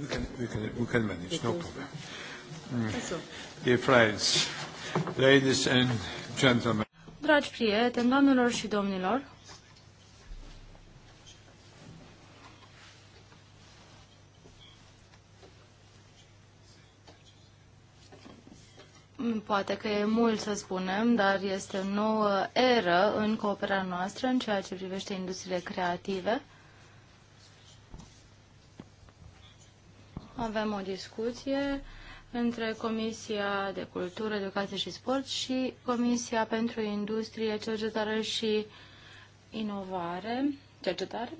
we can, we can, we can manage, no problem. Mm. Dear friends, ladies and gentlemen. Dragi prieteni, doamnelor și domnilor, Poate că e mult să spunem, dar este o nouă eră în cooperarea noastră în ceea ce privește industriile creative. avem o discuție între Comisia de Cultură, Educație și Sport și Comisia pentru Industrie, Cercetare și Inovare, cercetare.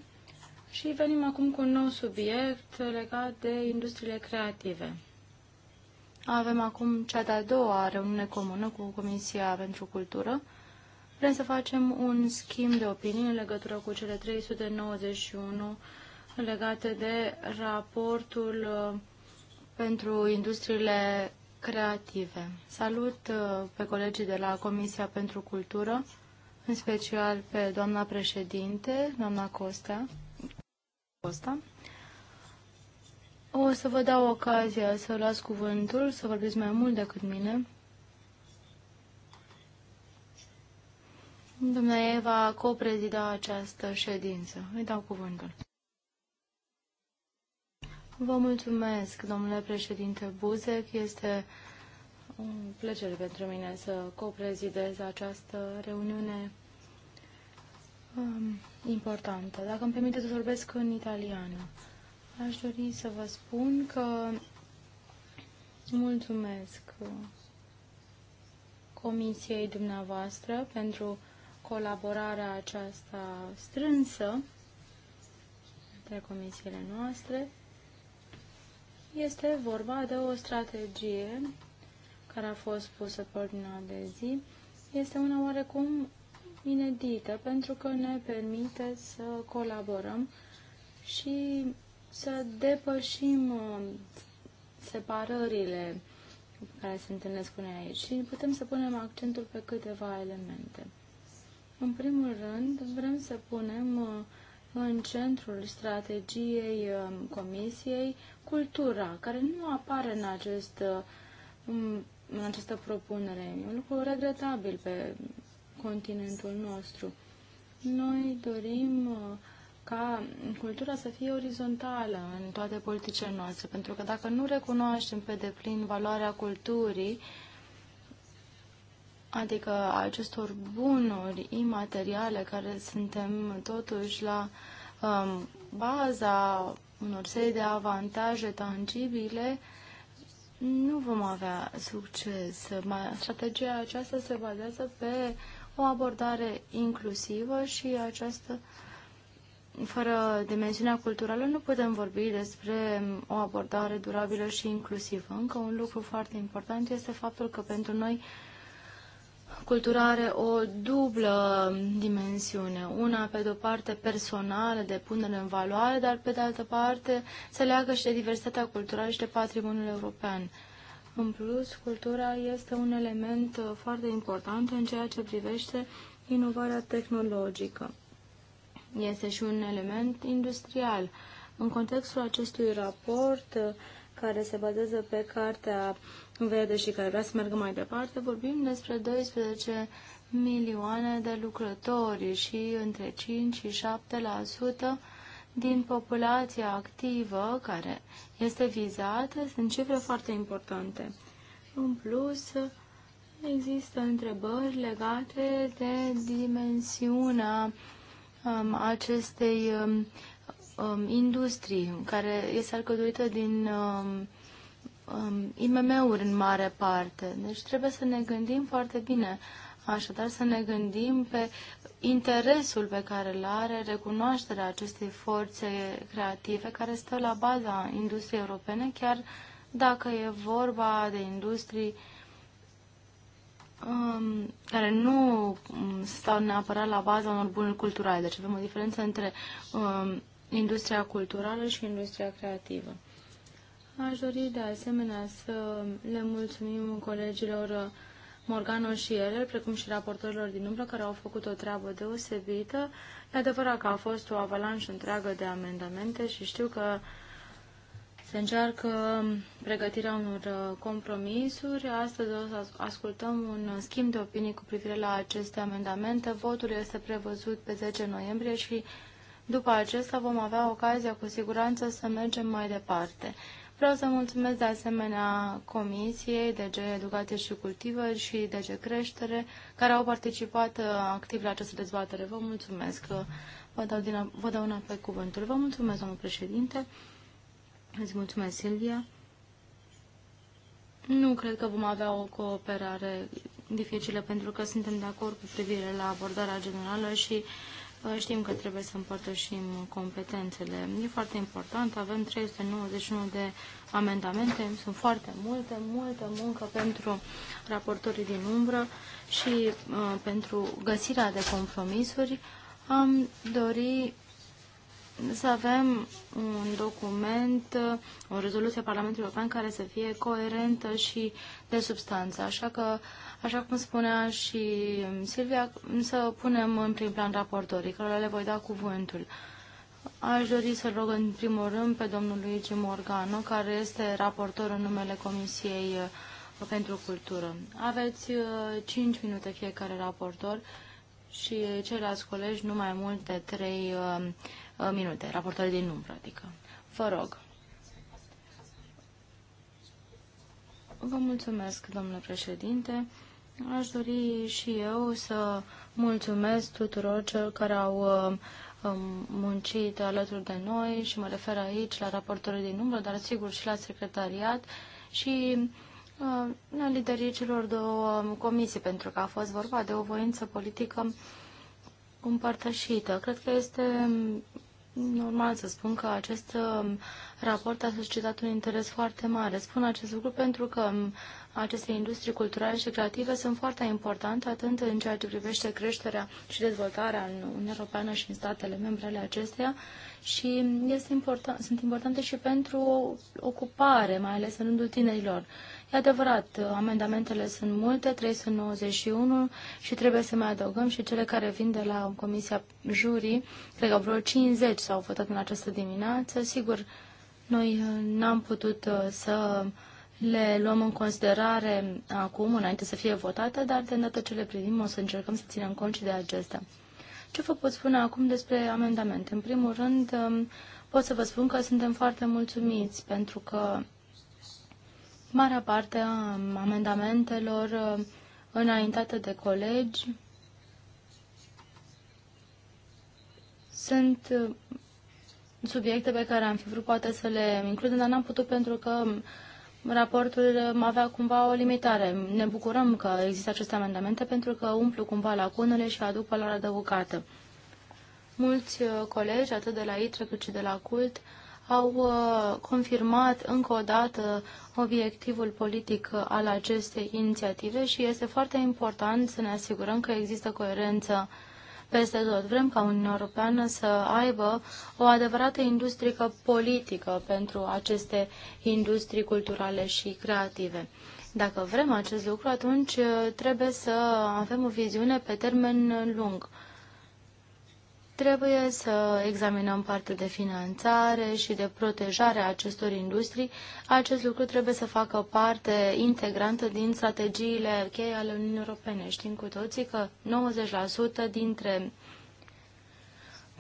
Și venim acum cu un nou subiect legat de industriile creative. Avem acum cea de-a doua reuniune comună cu Comisia pentru Cultură. Vrem să facem un schimb de opinii în legătură cu cele 391 legate de raportul uh, pentru industriile creative. Salut uh, pe colegii de la Comisia pentru Cultură, în special pe doamna președinte, doamna Costa. Costa. O să vă dau ocazia să las cuvântul, să vorbiți mai mult decât mine. Domnule Eva coprezida această ședință. Îi dau cuvântul. Vă mulțumesc, domnule președinte Buzek. Este o plăcere pentru mine să coprezidez această reuniune um, importantă. Dacă îmi permiteți să vorbesc în italiană, aș dori să vă spun că mulțumesc comisiei dumneavoastră pentru colaborarea aceasta strânsă între comisiile noastre este vorba de o strategie care a fost pusă pe ordinea de zi. Este una oarecum inedită pentru că ne permite să colaborăm și să depășim uh, separările care se întâlnesc cu noi aici și putem să punem accentul pe câteva elemente. În primul rând, vrem să punem uh, în centrul strategiei um, Comisiei cultura, care nu apare în, acest, um, în această propunere. E un lucru regretabil pe continentul nostru. Noi dorim uh, ca cultura să fie orizontală în toate politicile noastre, pentru că dacă nu recunoaștem pe deplin valoarea culturii, adică acestor bunuri imateriale care suntem totuși la um, baza unor serii de avantaje tangibile, nu vom avea succes. Strategia aceasta se bazează pe o abordare inclusivă și această fără dimensiunea culturală nu putem vorbi despre o abordare durabilă și inclusivă. Încă un lucru foarte important este faptul că pentru noi cultura are o dublă dimensiune. Una, pe de-o parte, personală, de punere în valoare, dar pe de altă parte se leagă și de diversitatea culturală și de patrimoniul european. În plus, cultura este un element uh, foarte important în ceea ce privește inovarea tehnologică. Este și un element industrial. În contextul acestui raport, uh, care se bazează pe cartea vede și care vrea să meargă mai departe, vorbim despre 12 milioane de lucrători și între 5 și 7% din populația activă care este vizată sunt cifre foarte importante. În plus, există întrebări legate de dimensiunea um, acestei um, um industrii care este alcătuită din um, um, IMM-uri în mare parte. Deci trebuie să ne gândim foarte bine. Așadar să ne gândim pe interesul pe care îl are recunoașterea acestei forțe creative care stă la baza industriei europene, chiar dacă e vorba de industrii um, care nu um, stau neapărat la baza unor bunuri culturale. Deci avem o diferență între um, industria culturală și industria creativă. Aș dori de asemenea să le mulțumim colegilor Morgano și ele, precum și raportorilor din umbră, care au făcut o treabă deosebită. E adevărat că a fost o avalanșă întreagă de amendamente și știu că se încearcă pregătirea unor compromisuri. Astăzi o să ascultăm un schimb de opinii cu privire la aceste amendamente. Votul este prevăzut pe 10 noiembrie și după acesta vom avea ocazia cu siguranță să mergem mai departe. Vreau să mulțumesc de asemenea Comisiei DG Educație și Cultivă și DG Creștere, care au participat uh, activ la această dezbatere. Vă mulțumesc. Uh, vă dau, din, vă dau înapoi cuvântul. Vă mulțumesc, domnul președinte. Îți mulțumesc, Silvia. Nu cred că vom avea o cooperare dificilă, pentru că suntem de acord cu privire la abordarea generală și uh, Știm că trebuie să împărtășim competențele. E foarte important. Avem 391 de amendamente. Sunt foarte multe, multă muncă pentru raportorii din umbră și uh, pentru găsirea de compromisuri. Am dori să avem un document, uh, o rezoluție a Parlamentului European care să fie coerentă și de substanță. Așa că uh, Așa cum spunea și Silvia, să punem în prim plan raportorii, care le voi da cuvântul. Aș dori să rog în primul rând pe domnul Luigi Morgano, care este raportor în numele Comisiei uh, pentru Cultură. Aveți 5 uh, minute fiecare raportor și ceilalți colegi nu mai mult de 3 minute, raportori din număr, adică. Vă rog. Vă mulțumesc, domnule președinte. Aș dori și eu să mulțumesc tuturor celor care au um, um, muncit alături de noi și mă refer aici la raportorii din umbră, dar sigur și la secretariat și uh, la liderii celor două um, comisii, pentru că a fost vorba de o voință politică împărtășită. Cred că este normal să spun că acest um, raport a suscitat un interes foarte mare. Spun acest lucru pentru că um, aceste industrii culturale și creative sunt foarte importante atât în ceea ce privește creșterea și dezvoltarea în Uniunea Europeană și în statele membre ale acesteia și um, este important, sunt importante și pentru ocupare, mai ales în rândul tinerilor. E adevărat, amendamentele sunt multe, 391 și trebuie să mai adăugăm și cele care vin de la Comisia Jurii, cred că vreo 50 s-au votat în această dimineață. Sigur, noi uh, n-am putut uh, să le luăm în considerare acum, înainte să fie votate, dar de îndată ce le privim o să încercăm să ținem cont și de acestea. Ce vă pot spune acum despre amendamente? În primul rând, um, pot să vă spun că suntem foarte mulțumiți pentru că Marea parte a amendamentelor uh, înaintate de colegi sunt uh, subiecte pe care am fi vrut poate să le includem, dar n-am putut pentru că raportul avea cumva o limitare. Ne bucurăm că există aceste amendamente pentru că umplu cumva lacunele și aduc valoarea adăugată. Mulți uh, colegi, atât de la ITRE cât și de la CULT, au uh, confirmat încă o dată obiectivul politic uh, al acestei inițiative și este foarte important să ne asigurăm că există coerență peste tot. Vrem ca Uniunea Europeană să aibă o adevărată industrie politică pentru aceste industrii culturale și creative. Dacă vrem acest lucru, atunci uh, trebuie să avem o viziune pe termen lung. Trebuie să examinăm partea de finanțare și de protejare a acestor industrii. Acest lucru trebuie să facă parte integrantă din strategiile cheie ale Uniunii Europene. Știm cu toții că 90% dintre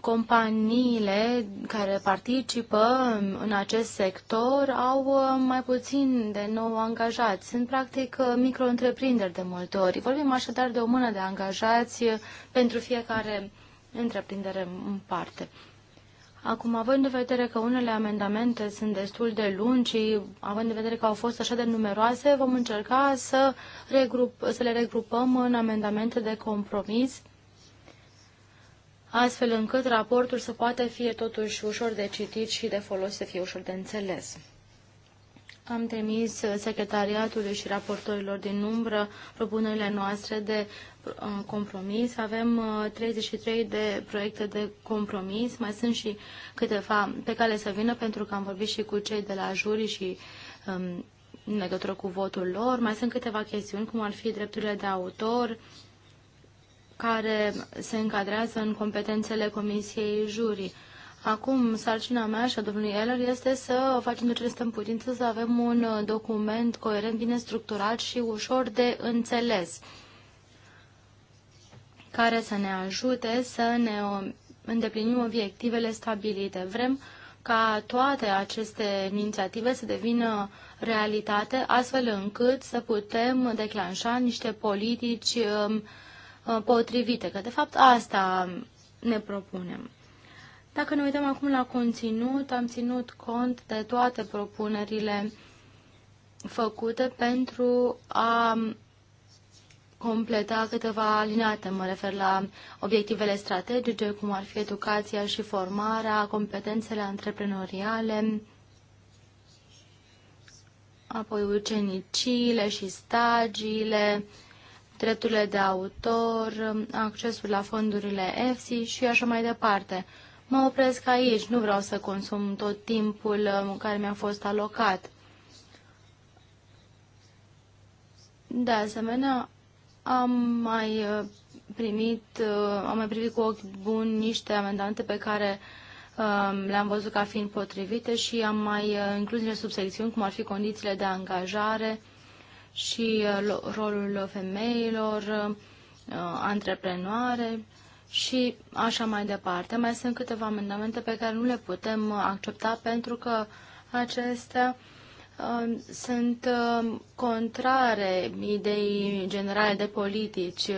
companiile care participă în acest sector au uh, mai puțin de nou angajați. Sunt practic uh, micro-întreprinderi de multe ori. Vorbim așadar de o mână de angajați uh, pentru fiecare întreprindere în parte. Acum, având în vedere că unele amendamente sunt destul de lungi și având în vedere că au fost așa de numeroase, vom încerca să, regrup, să le regrupăm în amendamente de compromis, astfel încât raportul să poată fi totuși ușor de citit și de folos să fie ușor de înțeles. Am trimis secretariatului și raportorilor din umbră propunerile noastre de Uh, compromis. Avem 33 uh, de proiecte de compromis, mai sunt și câteva pe care să vină, pentru că am vorbit și cu cei de la juri și um, în legătură cu votul lor. Mai sunt câteva chestiuni, cum ar fi drepturile de autor, care se încadrează în competențele Comisiei Jurii. Acum, sarcina mea și a domnului Eller este să facem de ce stăm putință să avem un document coerent, bine structurat și ușor de înțeles care să ne ajute să ne îndeplinim obiectivele stabilite. Vrem ca toate aceste inițiative să devină realitate, astfel încât să putem declanșa niște politici um, uh, potrivite, că de fapt asta ne propunem. Dacă ne uităm acum la conținut, am ținut cont de toate propunerile făcute pentru a completa câteva alineate. Mă refer la obiectivele strategice, cum ar fi educația și formarea, competențele antreprenoriale, apoi uceniciile și stagiile, drepturile de autor, accesul la fondurile EFSI și așa mai departe. Mă opresc aici, nu vreau să consum tot timpul uh, care mi-a fost alocat. De asemenea, am mai uh, primit, uh, am mai privit cu ochi buni niște amendamente pe care um, le-am văzut ca fiind potrivite și am mai uh, inclus niște subsecțiuni, cum ar fi condițiile de angajare și rolul femeilor, antreprenoare și așa mai departe. Mai sunt câteva amendamente pe care nu le putem accepta pentru că acestea sunt contrare ideii generale de politici.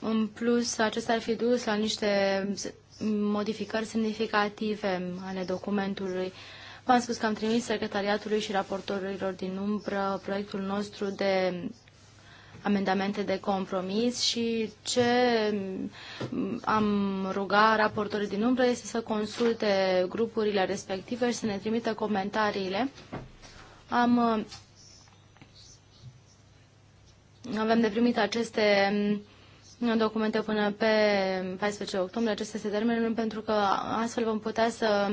În plus, acesta ar fi dus la niște modificări semnificative ale documentului. V-am spus că am trimis secretariatului și raportorilor din umbră proiectul nostru de amendamente de compromis și ce am rugat raportorii din umbră este să consulte grupurile respective și să ne trimită comentariile. Am, avem de primit aceste documente până pe 14 octombrie. aceste se termenul pentru că astfel vom putea să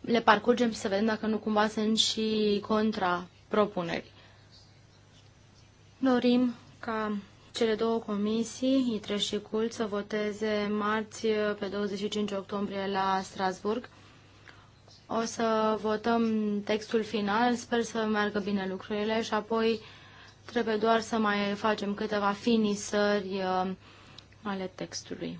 le parcurgem și să vedem dacă nu cumva sunt și contra propunerii. Dorim ca cele două comisii, ITRE și CULT, să voteze marți pe 25 octombrie la Strasburg. O să votăm textul final, sper să meargă bine lucrurile și apoi trebuie doar să mai facem câteva finisări uh, ale textului.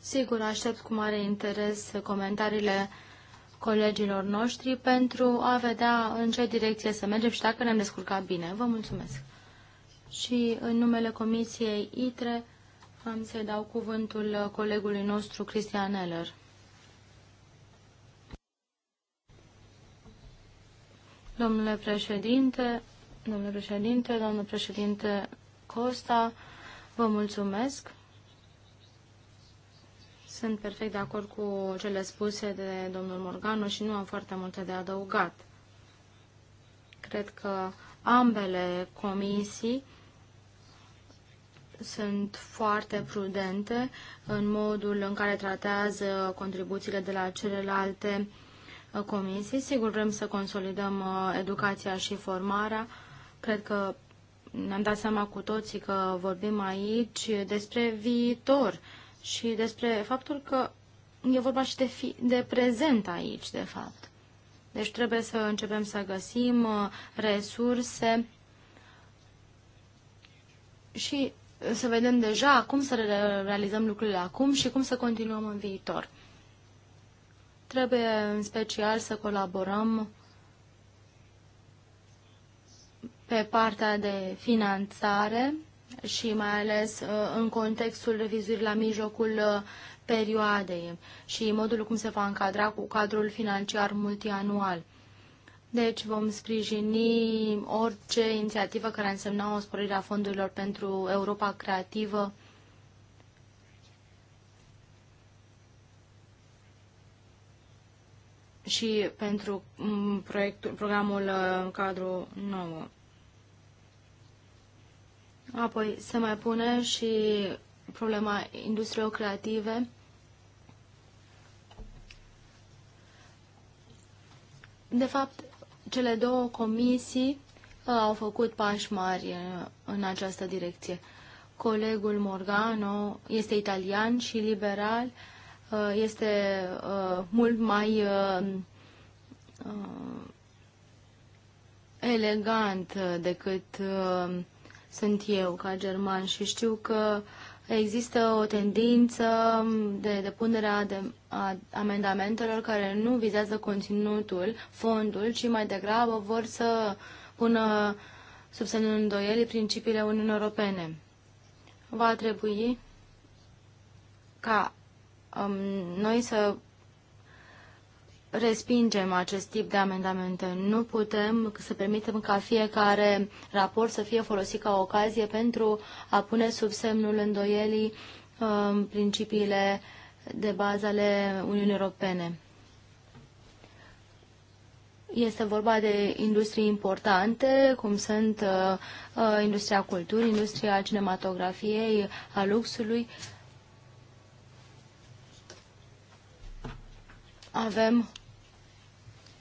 Sigur, aștept cu mare interes comentariile colegilor noștri pentru a vedea în ce direcție să mergem și dacă ne-am descurcat bine. Vă mulțumesc! Și în numele Comisiei ITRE am să dau cuvântul colegului nostru, Cristian Eller. Domnule președinte, domnule președinte, domnule președinte Costa, vă mulțumesc. Sunt perfect de acord cu cele spuse de domnul Morgano și nu am foarte multe de adăugat. Cred că ambele comisii sunt foarte prudente în modul în care tratează contribuțiile de la celelalte comisii. Sigur, vrem să consolidăm uh, educația și formarea. Cred că ne-am dat seama cu toții că vorbim aici despre viitor și despre faptul că e vorba și de, fi, de prezent aici, de fapt. Deci trebuie să începem să găsim uh, resurse și să vedem deja cum să realizăm lucrurile acum și cum să continuăm în viitor. Trebuie în special să colaborăm pe partea de finanțare și mai ales uh, în contextul revizuirii la mijlocul uh, perioadei și modul cum se va încadra cu cadrul financiar multianual. Deci vom sprijini orice inițiativă care însemna o sporire a fondurilor pentru Europa Creativă. și pentru mm, proiectul, programul uh, cadru nou. Apoi se mai pune și problema industriei creative. De fapt, cele două comisii uh, au făcut pași mari uh, în această direcție. Colegul Morgano este italian și liberal, uh, este mult mai elegant decât sunt eu ca german și știu că există o tendință de depunerea de, a amendamentelor care nu vizează conținutul, fondul, ci mai degrabă vor să pună sub semnul îndoielii principiile Uniunii Europene. Va trebui ca um, noi să respingem acest tip de amendamente. Nu putem să permitem ca fiecare raport să fie folosit ca ocazie pentru a pune sub semnul îndoielii um, principiile de bază ale Uniunii Europene. Este vorba de industrii importante, cum sunt uh, uh industria culturii, industria cinematografiei, a luxului. Avem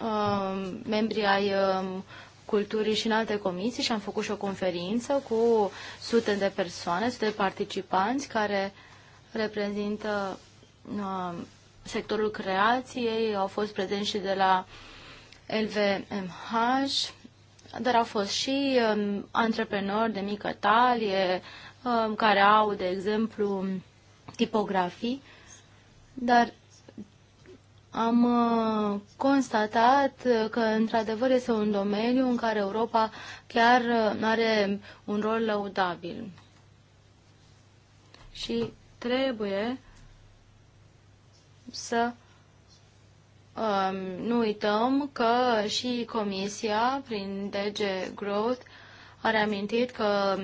Um, membrii ai um, culturii și în alte comisii și am făcut și o conferință cu sute de persoane, sute de participanți care reprezintă um, sectorul creației, au fost prezenți și de la LVMH, dar au fost și antreprenori de mică talie, care au, de exemplu, tipografii, dar am uh, constatat uh, că, într-adevăr, este un domeniu în care Europa chiar uh, are un rol lăudabil. Și trebuie să um, nu uităm că și Comisia, prin DG Growth, a reamintit că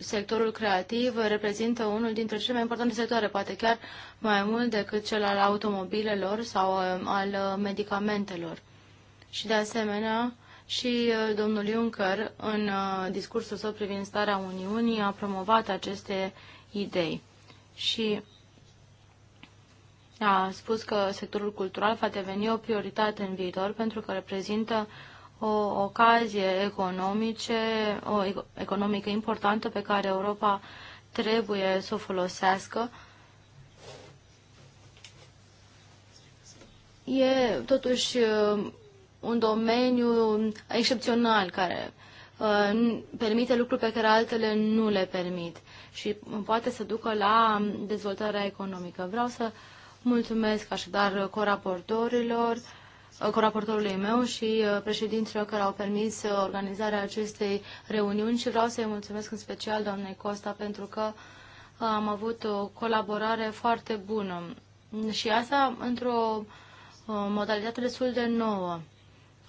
sectorul creativ reprezintă unul dintre cele mai importante sectoare, poate chiar mai mult decât cel al automobilelor sau uh, al uh, medicamentelor. Și de asemenea, și uh, domnul Juncker, în discursul său privind starea Uniunii, a promovat aceste idei. Și a spus că sectorul cultural va deveni o prioritate în viitor pentru că reprezintă o ocazie economice, o economică importantă pe care Europa trebuie să o folosească. E totuși uh, un domeniu excepțional care uh, permite lucruri pe care altele nu le permit și uh, poate să ducă la um, dezvoltarea economică. Vreau să mulțumesc așadar coraportorilor, cu raportorului meu și uh, președinților care au permis uh, organizarea acestei reuniuni și vreau să-i mulțumesc în special doamnei Costa pentru că uh, am avut o colaborare foarte bună și asta într-o modalitate destul de nouă.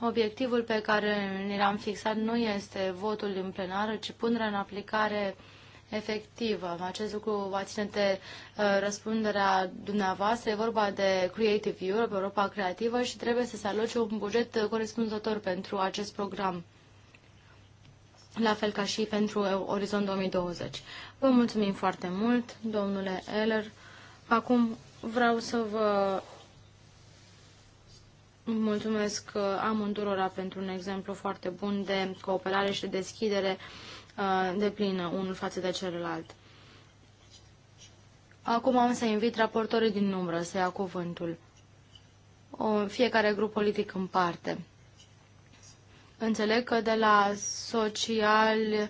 Obiectivul pe care ne l-am fixat nu este votul din plenară, ci punerea în aplicare uh, efectivă. Acest lucru va ține de uh, răspunderea dumneavoastră. E vorba de Creative Europe, Europa Creativă și trebuie să se aloce un buget corespunzător pentru acest program la fel ca și pentru Orizont 2020. Vă mulțumim foarte mult, domnule Eller. Acum vreau să vă mulțumesc uh, amândurora pentru un exemplu foarte bun de cooperare și de deschidere deplină unul față de celălalt. Acum am să invit raportorii din umbră să ia cuvântul. O, fiecare grup politic în parte. Înțeleg că de la social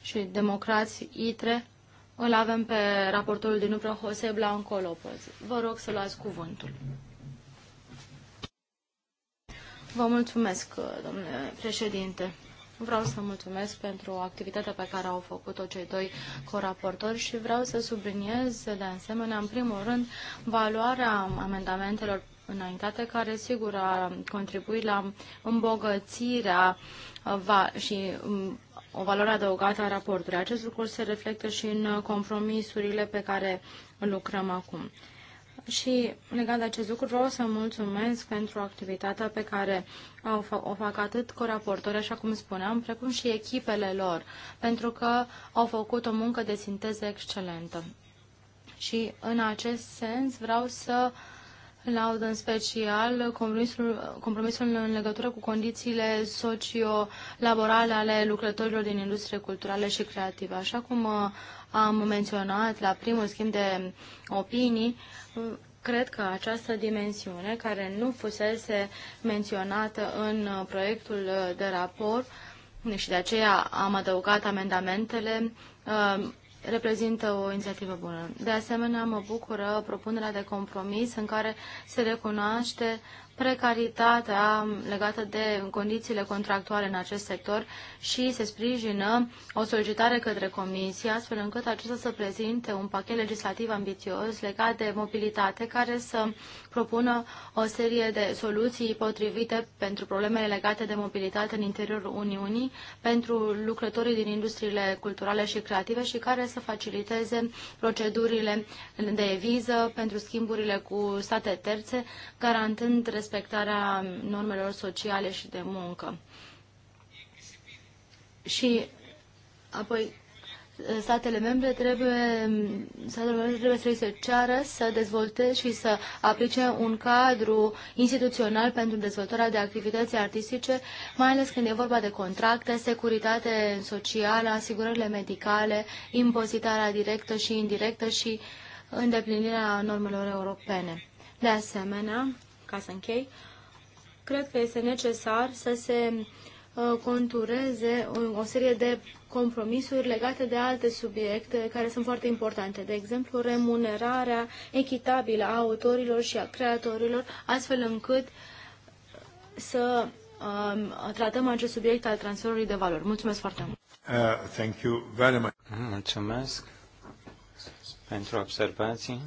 și democrați ITRE îl avem pe raportorul din umbră Jose Blanco Lopez. Vă rog să luați cuvântul. Vă mulțumesc, domnule președinte. Vreau să mulțumesc pentru activitatea pe care au făcut-o cei doi coraportori și vreau să subliniez de asemenea, în primul rând, valoarea amendamentelor înaintate, care sigur a contribuit la îmbogățirea uh, și um, o valoare adăugată a raportului. Acest lucru se reflectă și în uh, compromisurile pe care lucrăm acum. Și legat de acest lucru vreau să mulțumesc pentru activitatea pe care o fac atât raportori, așa cum spuneam, precum și echipele lor, pentru că au făcut o muncă de sinteză excelentă. Și în acest sens vreau să laud în special compromisul, compromisul în legătură cu condițiile socio-laborale ale lucrătorilor din industrie culturale și creative. Așa cum uh, am menționat la primul schimb de opinii, cred că această dimensiune, care nu fusese menționată în proiectul de raport și de aceea am adăugat amendamentele, uh, reprezintă o inițiativă bună. De asemenea, mă bucură propunerea de compromis în care se recunoaște precaritatea legată de condițiile contractuale în acest sector și se sprijină o solicitare către Comisie, astfel încât acesta să prezinte un pachet legislativ ambițios legat de mobilitate care să propună o serie de soluții potrivite pentru problemele legate de mobilitate în interiorul Uniunii, pentru lucrătorii din industriile culturale și creative și care să faciliteze procedurile de viză pentru schimburile cu state terțe, garantând respectarea respectarea normelor sociale și de muncă. Și apoi statele membre trebuie, statele membre trebuie să se ceară să dezvolte și să aplice un cadru instituțional pentru dezvoltarea de activități artistice, mai ales când e vorba de contracte, securitate socială, asigurările medicale, impozitarea directă și indirectă și îndeplinirea normelor europene. De asemenea, ca să închei, cred că este necesar să se uh, contureze o serie de compromisuri legate de alte subiecte care sunt foarte importante, de exemplu remunerarea echitabilă a autorilor și a creatorilor, astfel încât să um, tratăm acest subiect al transferului de valori. Mulțumesc foarte mult! Uh, thank you very much. Mulțumesc pentru observații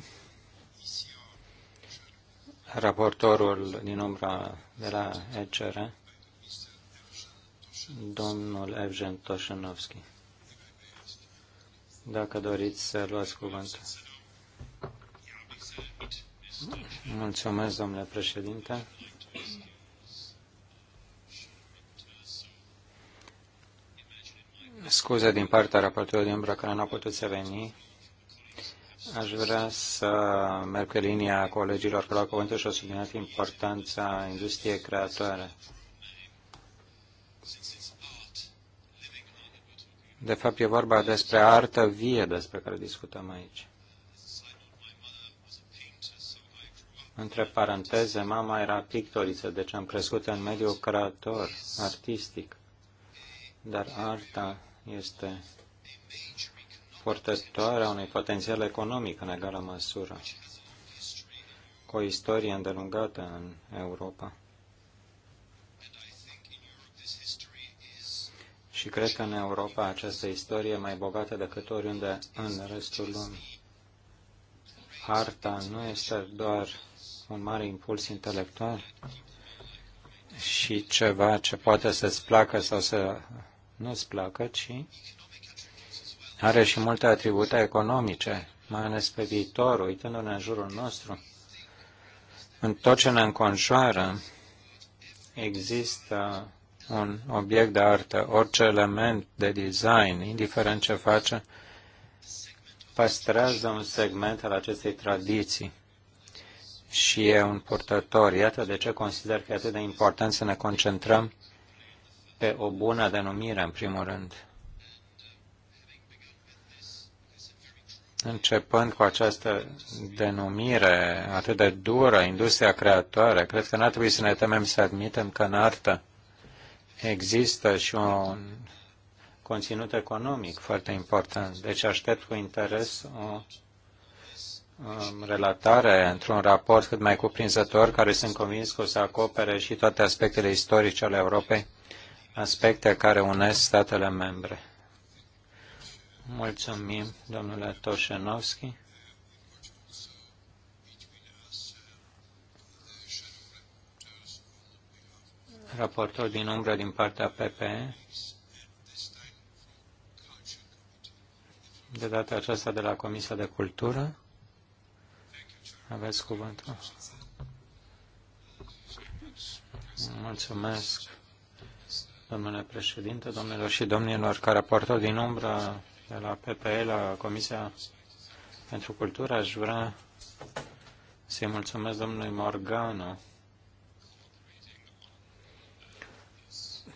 raportorul din umbra de la ECR, domnul Evgen Toșanovski. Dacă doriți să luați cuvântul. Mulțumesc, domnule președinte. Scuze din partea raportorului din umbra care n-a putut să veni Aș vrea să merg pe linia colegilor care la cuvântul și au subliniat importanța industriei creatoare. De fapt, e vorba despre artă vie despre care discutăm aici. Între paranteze, mama era pictoriță, deci am crescut în mediul creator, artistic. Dar arta este purtătoare a unui potențial economic în egală măsură, cu o istorie îndelungată în Europa. Și cred că în Europa această istorie e mai bogată decât oriunde în restul lumii. Harta nu este doar un mare impuls intelectual și ceva ce poate să-ți placă sau să nu-ți placă, ci are și multe atribute economice, mai ales pe viitor, uitându-ne în jurul nostru. În tot ce ne înconjoară, există un obiect de artă, orice element de design, indiferent ce face, păstrează un segment al acestei tradiții și e un purtător. Iată de ce consider că e atât de important să ne concentrăm pe o bună denumire, în primul rând. începând cu această denumire atât de dură, industria creatoare, cred că n-ar trebui să ne temem să admitem că în artă există și un conținut economic foarte important. Deci aștept cu interes o um, relatare într-un raport cât mai cuprinzător, care sunt convins că o să acopere și toate aspectele istorice ale Europei, aspecte care unesc statele membre. Mulțumim, domnule Toșenovski. Raportor din umbră din partea PPE. De data aceasta de la Comisia de Cultură. Aveți cuvântul. Mulțumesc, domnule președinte, domnilor și domnilor, ca raportor din umbră de la PPE la Comisia pentru Cultură, aș vrea să-i mulțumesc domnului Morgano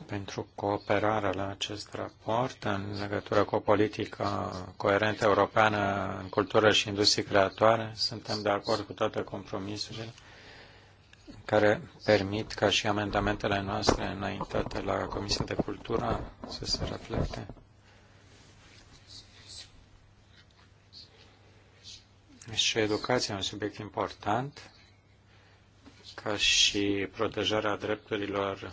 pentru cooperarea la acest raport în legătură cu o politică coerentă europeană în cultură și industrie creatoare. Suntem de acord cu toate compromisurile care permit ca și amendamentele noastre înaintate la Comisia de Cultură să se reflecte Și educația e un subiect important, ca și protejarea drepturilor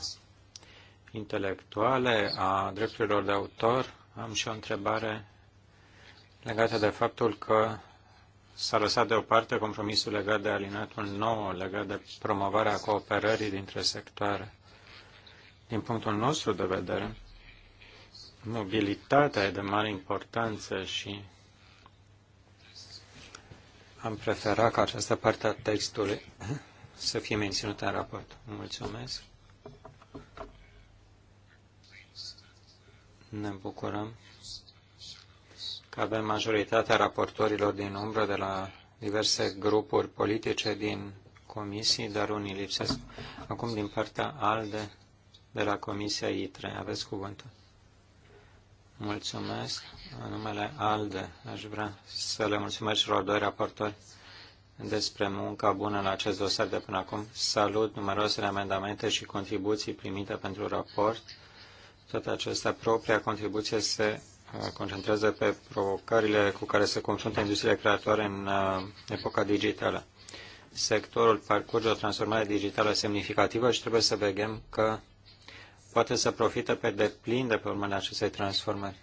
intelectuale, a drepturilor de autor. Am și o întrebare legată de faptul că s-a lăsat deoparte compromisul legat de alinatul nou, legat de promovarea cooperării dintre sectoare. Din punctul nostru de vedere, mobilitatea e de mare importanță și am preferat ca această parte a textului să fie menținută în raport. Mulțumesc. Ne bucurăm că avem majoritatea raportorilor din umbră de la diverse grupuri politice din comisii, dar unii lipsesc. Acum din partea ALDE de la Comisia ITRE. Aveți cuvântul. Mulțumesc. În numele ALDE aș vrea să le mulțumesc celor doi raportori despre munca bună la acest dosar de până acum. Salut numeroasele amendamente și contribuții primite pentru raport. Toate acestea, propria contribuție se uh, concentrează pe provocările cu care se confruntă industria creatoare în uh, epoca digitală. Sectorul parcurge o transformare digitală semnificativă și trebuie să vedem că poate să profite pe deplin de pe urmele acestei transformări.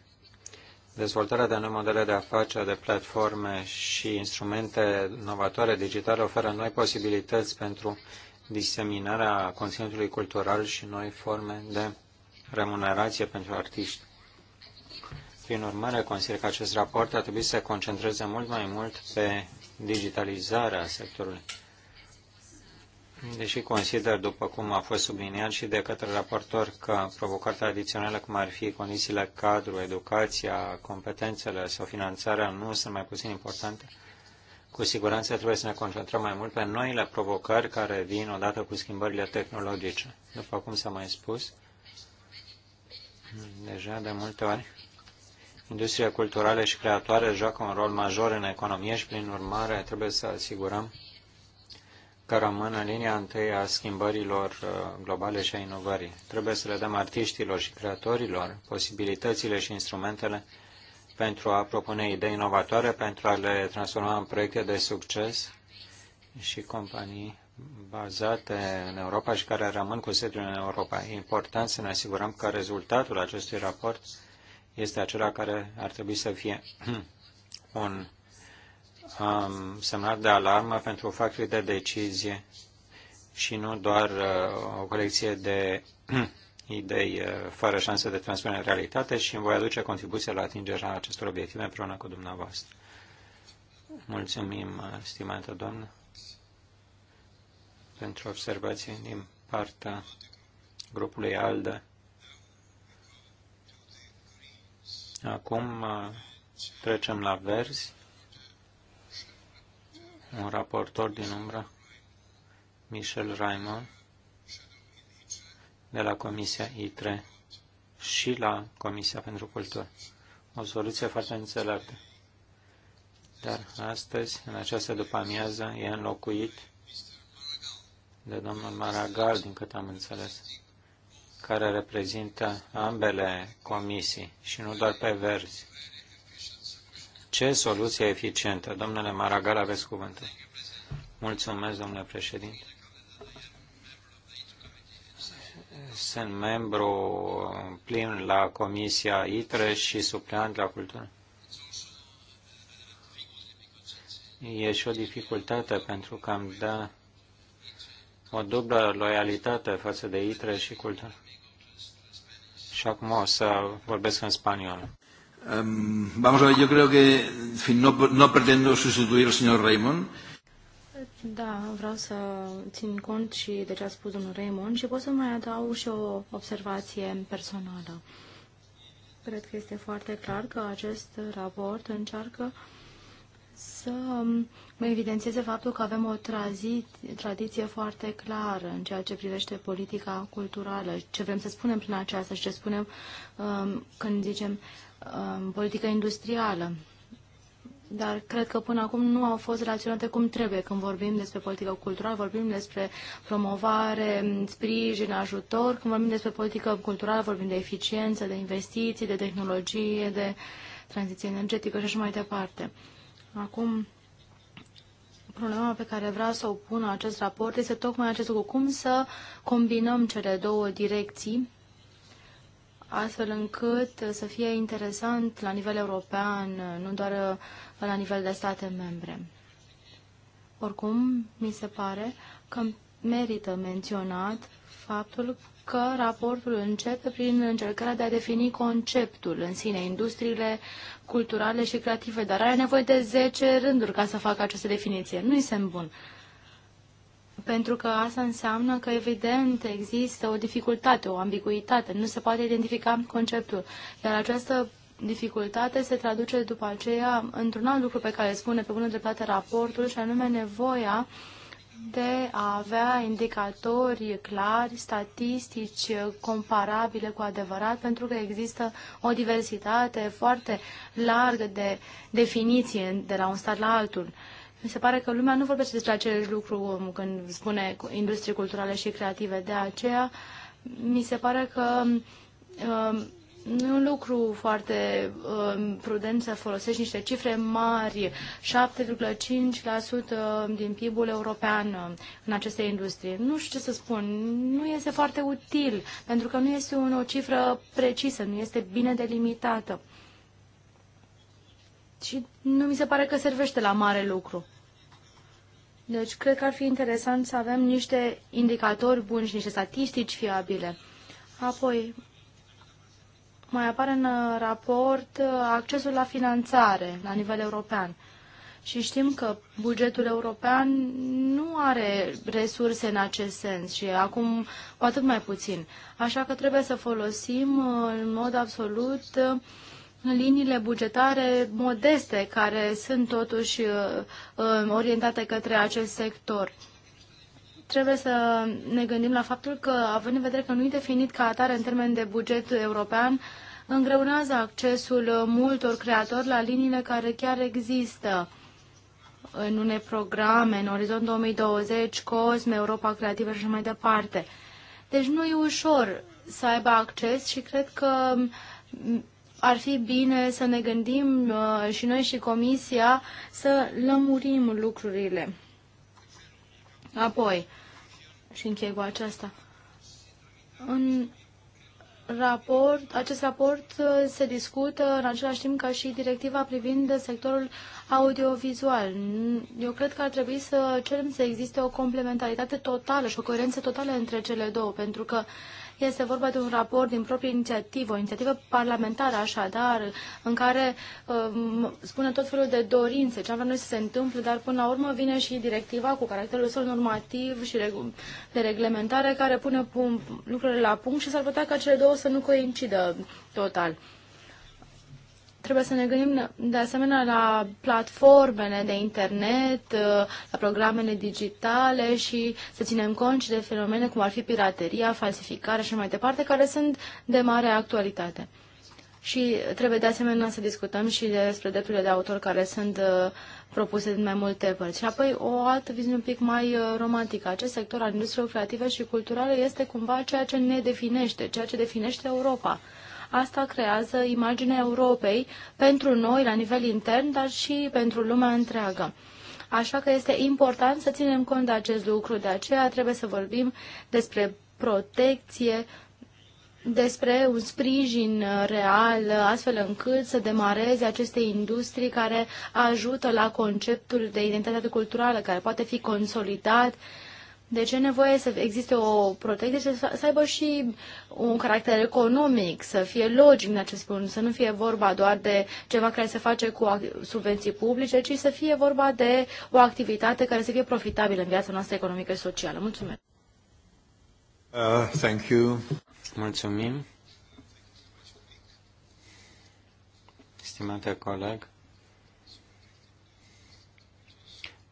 Dezvoltarea de noi modele de afaceri, de platforme și instrumente novatoare digitale oferă noi posibilități pentru diseminarea conținutului cultural și noi forme de remunerație pentru artiști. Prin urmare, consider că acest raport ar trebui să se concentreze mult mai mult pe digitalizarea sectorului Deși consider, după cum a fost subliniat și de către raportor, că provocări tradiționale, cum ar fi condițiile cadru, educația, competențele sau finanțarea, nu sunt mai puțin importante, cu siguranță trebuie să ne concentrăm mai mult pe noile provocări care vin odată cu schimbările tehnologice. După cum s-a mai spus, deja de multe ori, industria culturală și creatoare joacă un rol major în economie și, prin urmare, trebuie să asigurăm că rămân în linia întâi a schimbărilor uh, globale și a inovării. Trebuie să le dăm artiștilor și creatorilor posibilitățile și instrumentele pentru a propune idei inovatoare, pentru a le transforma în proiecte de succes și companii bazate în Europa și care rămân cu sediul în Europa. E important să ne asigurăm că rezultatul acestui raport este acela care ar trebui să fie un um, semnal de alarmă pentru o factorii de decizie și nu doar uh, o colecție de idei uh, fără șanse de transpunere în realitate și îmi voi aduce contribuția la atingerea acestor obiective împreună cu dumneavoastră. Mulțumim, uh, stimată doamnă, pentru observații din partea grupului ALDE. Acum uh, trecem la verzi un raportor din umbră, Michel Raimond, de la Comisia ITRE și la Comisia pentru Cultură. O soluție foarte înțeleaptă. Dar astăzi, în această după-amiază, e înlocuit de domnul Maragal, din cât am înțeles, care reprezintă ambele comisii și nu doar pe verzi. Ce soluție eficientă? Domnule Maragal, aveți cuvântul. Mulțumesc, domnule președinte. Sunt membru plin la Comisia ITRE și supleant la Cultură. E și o dificultate pentru că am dat o dublă loialitate față de ITRE și cultură. Și acum o să vorbesc în spaniolă. Um, vamos a ver, yo creo que en fin, no, no pretendo sustituir al señor Raymond. Da, vreau să țin cont și de ce a spus domnul Raymond și pot să mai adaug și o observație personală. Cred că este foarte clar că acest raport încearcă să evidențieze faptul că avem o trazi, tradiție foarte clară în ceea ce privește politica culturală, ce vrem să spunem prin aceasta și ce spunem um, când zicem uh, politică industrială. Dar cred că până acum nu au fost relaționate cum trebuie. Când vorbim despre politică culturală, vorbim despre promovare, sprijin, ajutor. Când vorbim despre politică culturală, vorbim de eficiență, de investiții, de tehnologie, de tranziție energetică și așa mai departe. Acum, problema pe care vreau să o pun în acest raport este tocmai acest lucru. Cum să combinăm cele două direcții astfel încât să fie interesant la nivel european, nu doar uh, la nivel de state membre. Oricum, mi se pare că merită menționat faptul că raportul începe prin încercarea de a defini conceptul în sine, industriile culturale și creative, dar are nevoie de 10 rânduri ca să facă această definiție. Nu-i semn bun pentru că asta înseamnă că, evident, există o dificultate, o ambiguitate, nu se poate identifica conceptul. Iar această dificultate se traduce după aceea într-un alt lucru pe care spune pe bună dreptate raportul, și anume nevoia de a avea indicatori clari, statistici comparabile cu adevărat, pentru că există o diversitate foarte largă de definiție de la un stat la altul. Mi se pare că lumea nu vorbește despre același lucru când spune industrie culturale și creative. De aceea, mi se pare că uh, um, nu e un lucru foarte uh, prudent să folosești niște cifre mari, 7,5% din PIB-ul european um, în aceste industrie. Nu știu ce să spun, nu este foarte util, pentru că nu este o cifră precisă, nu este bine delimitată și nu mi se pare că servește la mare lucru. Deci cred că ar fi interesant să avem niște indicatori buni și niște statistici fiabile. Apoi, mai apare în raport uh, accesul la finanțare la nivel european. Și știm că bugetul european nu are resurse în acest sens și acum cu atât mai puțin. Așa că trebuie să folosim uh, în mod absolut uh, liniile bugetare modeste care sunt totuși uh, uh, orientate către acest sector. Trebuie să ne gândim la faptul că, având în vedere că nu e definit ca atare în termen de buget european, îngreunează accesul multor creatori la liniile care chiar există în unele programe, în Orizont 2020, COSME, Europa Creativă și așa mai departe. Deci nu e ușor să aibă acces și cred că ar fi bine să ne gândim uh, și noi și Comisia să lămurim lucrurile. Apoi, și închei cu aceasta, în raport, acest raport uh, se discută în același timp ca și directiva privind sectorul audiovizual. Eu cred că ar trebui să cerem să existe o complementaritate totală și o coerență totală între cele două, pentru că uh, este vorba de un raport din proprie inițiativă, o inițiativă parlamentară așadar, în care uh, spune tot felul de dorințe, ce nu noi să se întâmple, dar până la urmă vine și directiva cu caracterul său normativ și de reglementare care pune lucrurile la punct și s-ar putea ca cele două să nu coincidă total. Trebuie să ne gândim de asemenea la platformele de internet, uh, la programele digitale și să ținem cont și de fenomene cum ar fi pirateria, falsificarea și mai departe, care sunt de mare actualitate. Și trebuie de asemenea să discutăm și despre drepturile de autor care sunt uh, propuse din mai multe părți. Și apoi o altă viziune un pic mai uh, romantică. Acest sector al industriei creative și culturale este cumva ceea ce ne definește, ceea ce definește Europa. Asta creează imaginea Europei pentru noi la nivel intern, dar și pentru lumea întreagă. Așa că este important să ținem cont de acest lucru, de aceea trebuie să vorbim despre protecție, despre un sprijin real, astfel încât să demareze aceste industrii care ajută la conceptul de identitate culturală, care poate fi consolidat de ce nevoie să existe o protecție, să, să aibă și un caracter economic, să fie logic în acest punct, să nu fie vorba doar de ceva care se face cu subvenții publice, ci să fie vorba de o activitate care să fie profitabilă în viața noastră economică și socială. Mulțumesc! Uh, thank you. Mulțumim. Stimate coleg,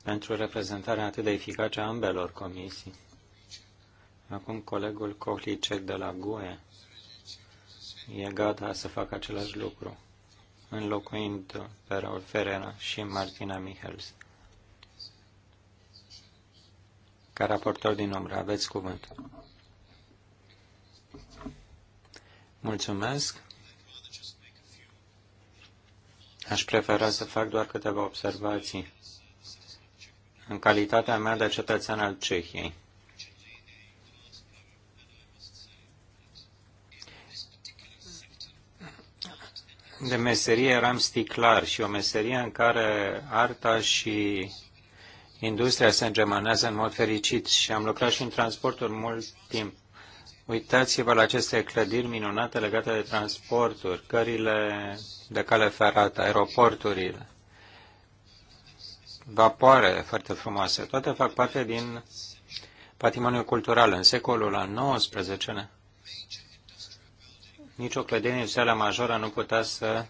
pentru reprezentarea atât de eficace a ambelor comisii. Acum colegul Kohlicek de la GUE e gata să facă același lucru, înlocuind pe Raul Ferreira și Martina Michels. Ca raportor din umbră, aveți cuvânt. Mulțumesc. Aș prefera să fac doar câteva observații în calitatea mea de cetățean al Cehiei. De meserie eram sticlar și o meserie în care arta și industria se îngemânează în mod fericit și am lucrat și în transporturi mult timp. Uitați-vă la aceste clădiri minunate legate de transporturi, cările de cale ferată, aeroporturile vapoare foarte frumoase. Toate fac parte din patrimoniul cultural. În secolul al XIX-lea, nicio clădire industrială majoră nu putea să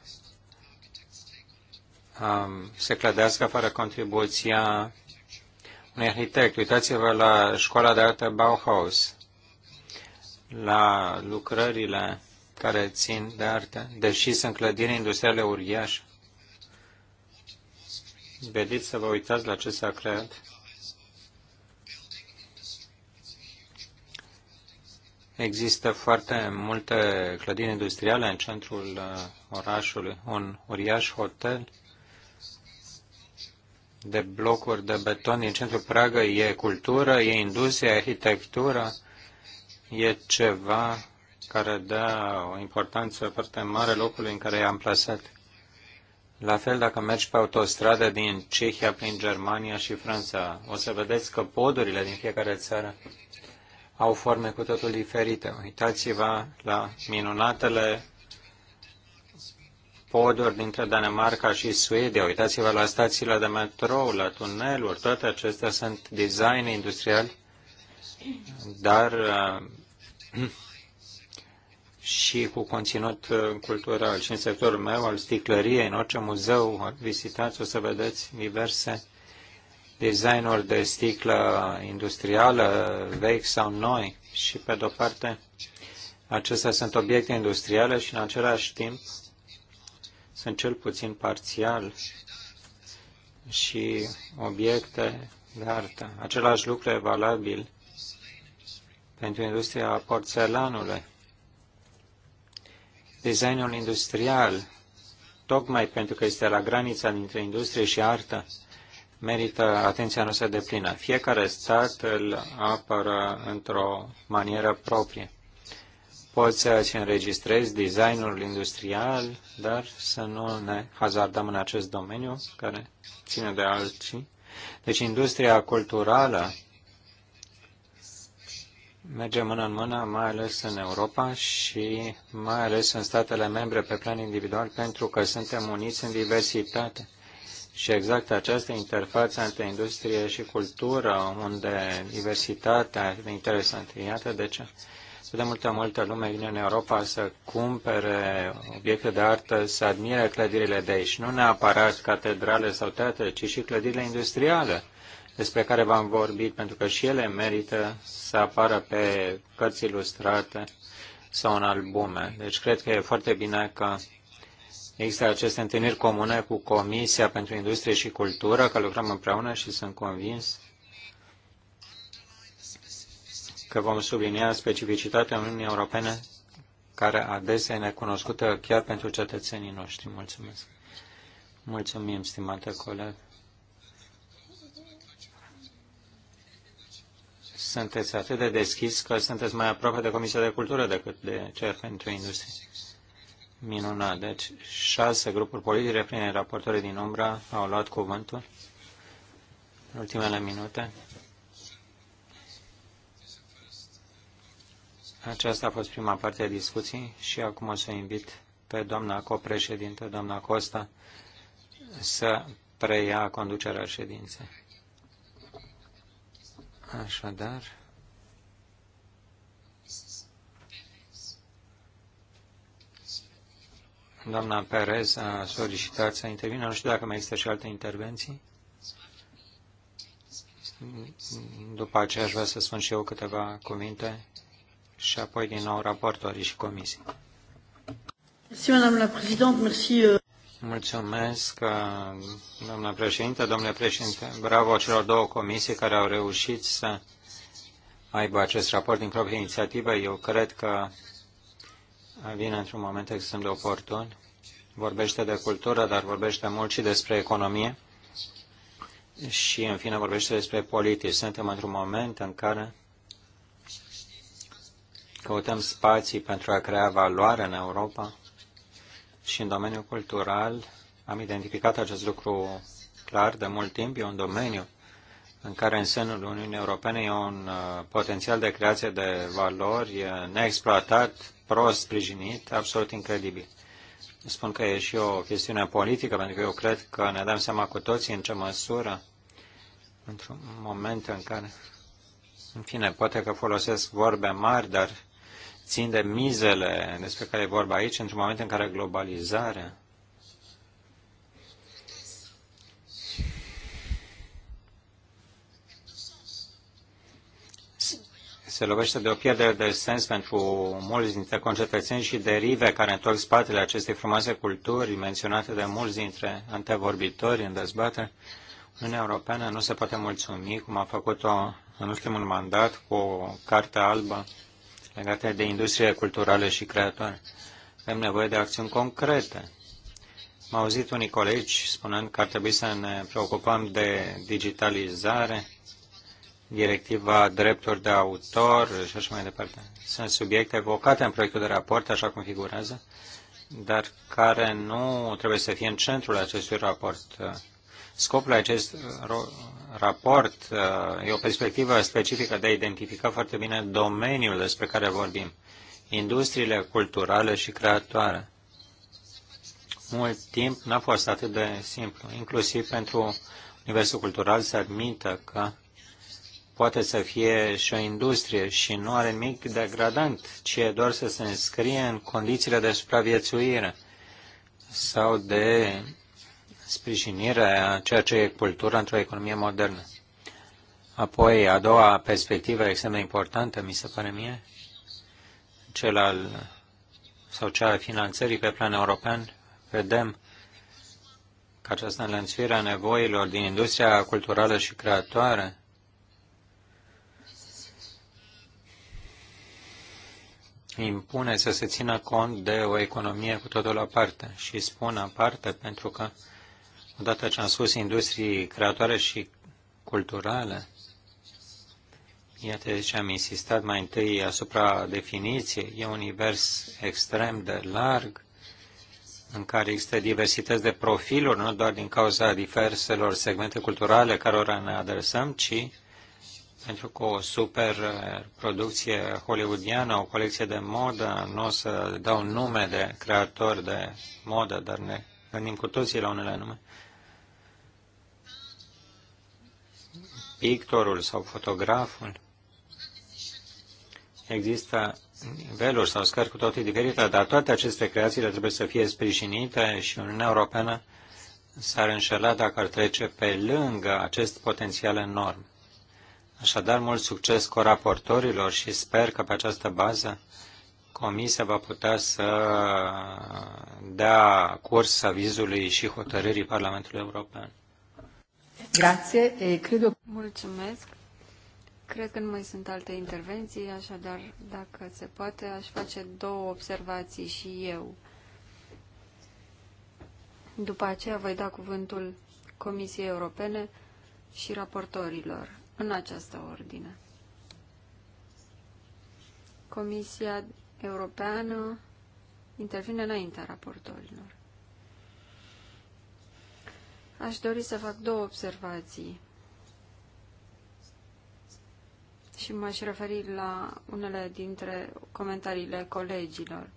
um, se clădească fără contribuția unui arhitect. Uitați-vă la școala de artă Bauhaus, la lucrările care țin de artă, deși sunt clădiri industriale uriașe Vediți să vă uitați la ce s-a creat. Există foarte multe clădiri industriale în centrul uh, orașului, un uriaș hotel de blocuri de beton din centrul Pragă. E cultură, e industrie, arhitectură, e ceva care dă o importanță foarte mare locului în care e amplasat. La fel, dacă mergi pe autostradă din Cehia prin Germania și Franța, o să vedeți că podurile din fiecare țară au forme cu totul diferite. Uitați-vă la minunatele poduri dintre Danemarca și Suedia. Uitați-vă la stațiile de metrou, la tuneluri. Toate acestea sunt design industrial, dar uh, și cu conținut uh, cultural. Și în sectorul meu, al sticlăriei, în orice muzeu vizitați, o să vedeți diverse designuri de sticlă industrială, vechi sau noi. Și, pe de-o parte, acestea sunt obiecte industriale și, în același timp, sunt cel puțin parțial și obiecte de artă. Același lucru e valabil pentru industria porțelanului designul industrial, tocmai pentru că este la granița dintre industrie și artă, merită atenția noastră de plină. Fiecare stat îl apără într-o manieră proprie. Poți să-ți înregistrezi designul industrial, dar să nu ne hazardăm în acest domeniu care ține de alții. Deci industria culturală merge mână în mână, mai ales în Europa și mai ales în statele membre pe plan individual, pentru că suntem uniți în diversitate. Și exact această interfață între industrie și cultură, unde diversitatea e interesantă. Iată de ce. Să de multă, multă lume vine în Europa să cumpere obiecte de artă, să admire clădirile de aici. Nu neapărat catedrale sau teatre, ci și clădirile industriale despre care v-am vorbit, pentru că și ele merită să apară pe cărți ilustrate sau în albume. Deci cred că e foarte bine că există aceste întâlniri comune cu Comisia pentru Industrie și Cultură, că lucrăm împreună și sunt convins că vom sublinia specificitatea Uniunii Europene care adesea e necunoscută chiar pentru cetățenii noștri. Mulțumesc! Mulțumim, stimate colegi. sunteți atât de deschis că sunteți mai aproape de Comisia de Cultură decât de cea pentru industrie. Minunat. Deci șase grupuri politice prin raportorii din umbra au luat cuvântul în ultimele minute. Aceasta a fost prima parte a discuției și acum o să invit pe doamna copreședinte, doamna Costa, să preia conducerea ședinței. Așadar, doamna Perez a solicitat să intervină. Nu știu dacă mai există și alte intervenții. După aceea aș vrea să spun și eu câteva cuvinte și apoi din nou raportorii și comisii. Mulțumesc, doamna președinte. Mulțumesc, uh, doamna președinte, domnule președinte. Bravo celor două comisii care au reușit să aibă acest raport din proprie inițiativă. Eu cred că vine într-un moment extrem de oportun. Vorbește de cultură, dar vorbește mult și despre economie și, în fine, vorbește despre politici. Suntem într-un moment în care căutăm spații pentru a crea valoare în Europa și în domeniul cultural am identificat acest lucru clar de mult timp. E un domeniu în care în sânul Uniunii Europene e un uh, potențial de creație de valori neexploatat, prost sprijinit, absolut incredibil. Spun că e și o chestiune politică, pentru că eu cred că ne dăm seama cu toții în ce măsură, într-un moment în care, în fine, poate că folosesc vorbe mari, dar țin de mizele despre care e vorba aici, într-un moment în care globalizarea se lovește de o pierdere de sens pentru mulți dintre concetățeni și derive care întorc spatele acestei frumoase culturi menționate de mulți dintre antevorbitori în dezbatere, Uniunea Europeană nu se poate mulțumi, cum a făcut-o în ultimul mandat, cu o carte albă legate de industrie culturală și creatoare. Avem nevoie de acțiuni concrete. M am auzit unii colegi spunând că ar trebui să ne preocupăm de digitalizare, directiva drepturi de autor și așa mai departe. Sunt subiecte evocate în proiectul de raport, așa cum figurează, dar care nu trebuie să fie în centrul acestui raport. Scopul acest raport uh, e o perspectivă specifică de a identifica foarte bine domeniul despre care vorbim, industriile culturale și creatoare. Mult timp n-a fost atât de simplu, inclusiv pentru universul cultural să admită că poate să fie și o industrie și nu are nimic degradant, ci doar să se înscrie în condițiile de supraviețuire sau de sprijinire a ceea ce e cultura într-o economie modernă. Apoi, a doua perspectivă extrem de importantă, mi se pare mie, cel al, sau cea al finanțării pe plan european, vedem că această înlănțuire a nevoilor din industria culturală și creatoare impune să se țină cont de o economie cu totul aparte. Și spun aparte pentru că odată ce am spus industrie creatoare și culturală, iată ce am insistat mai întâi asupra definiției, e un univers extrem de larg, în care există diversități de profiluri, nu doar din cauza diverselor segmente culturale care ne adresăm, ci pentru că o super producție hollywoodiană, o colecție de modă, nu o să dau nume de creator de modă, dar ne gândim cu toții la unele nume, pictorul sau fotograful. Există niveluri sau scări cu toate diferite, dar toate aceste creațiile trebuie să fie sprijinite și Uniunea Europeană s-ar înșela dacă ar trece pe lângă acest potențial enorm. Așadar, mult succes coraportorilor și sper că pe această bază Comisia va putea să dea curs avizului și hotărârii Parlamentului European. Grație. Cred... Mulțumesc. Cred că nu mai sunt alte intervenții, așadar, dacă se poate, aș face două observații și eu. După aceea voi da cuvântul Comisiei Europene și raportorilor, în această ordine. Comisia Europeană intervine înaintea raportorilor. Aș dori să fac două observații și m-aș referi la unele dintre comentariile colegilor.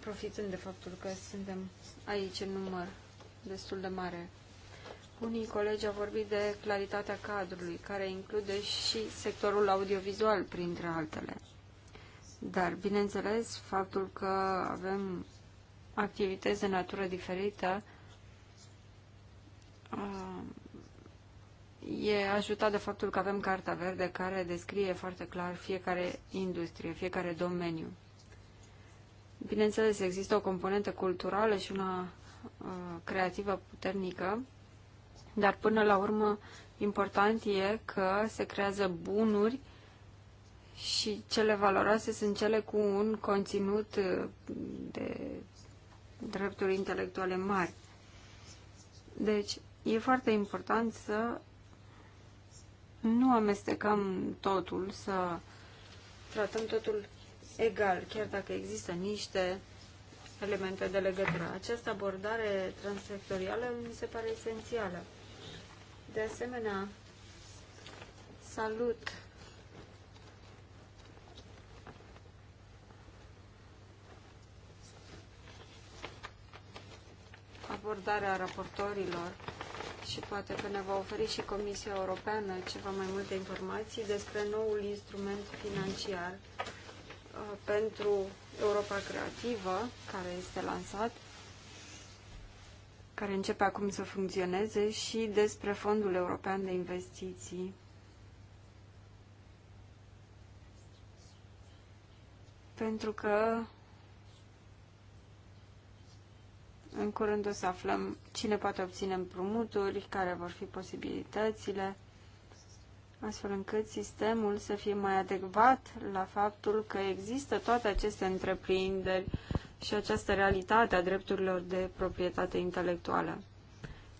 Profitând de faptul că suntem aici în număr destul de mare, unii colegi au vorbit de claritatea cadrului, care include și sectorul audiovizual, printre altele. Dar, bineînțeles, faptul că avem activități de natură diferită uh, e ajutat de faptul că avem Carta Verde care descrie foarte clar fiecare industrie, fiecare domeniu. Bineînțeles, există o componentă culturală și una uh, creativă puternică, dar până la urmă important e că se creează bunuri și cele valoroase sunt cele cu un conținut uh, de drepturi intelectuale mari. Deci, e foarte important să nu amestecăm totul, să tratăm totul egal, chiar dacă există niște elemente de legătură. Această abordare transsectorială mi se pare esențială. De asemenea, salut abordarea raportorilor și poate că ne va oferi și Comisia Europeană ceva mai multe informații despre noul instrument financiar uh, pentru Europa Creativă, care este lansat, care începe acum să funcționeze, și despre Fondul European de Investiții. Pentru că În curând o să aflăm cine poate obține împrumuturi, care vor fi posibilitățile, astfel încât sistemul să fie mai adecvat la faptul că există toate aceste întreprinderi și această realitate a drepturilor de proprietate intelectuală.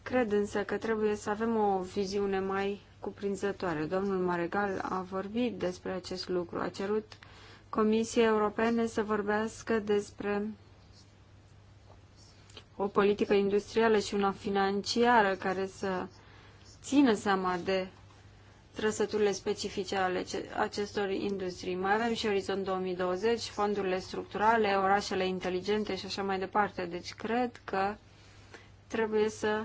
Cred însă că trebuie să avem o viziune mai cuprinzătoare. Domnul Maregal a vorbit despre acest lucru, a cerut Comisiei Europene să vorbească despre o politică industrială și una financiară care să țină seama de trăsăturile specifice ale acestor industrii. Mai avem și Orizont 2020, fondurile structurale, orașele inteligente și așa mai departe. Deci cred că trebuie să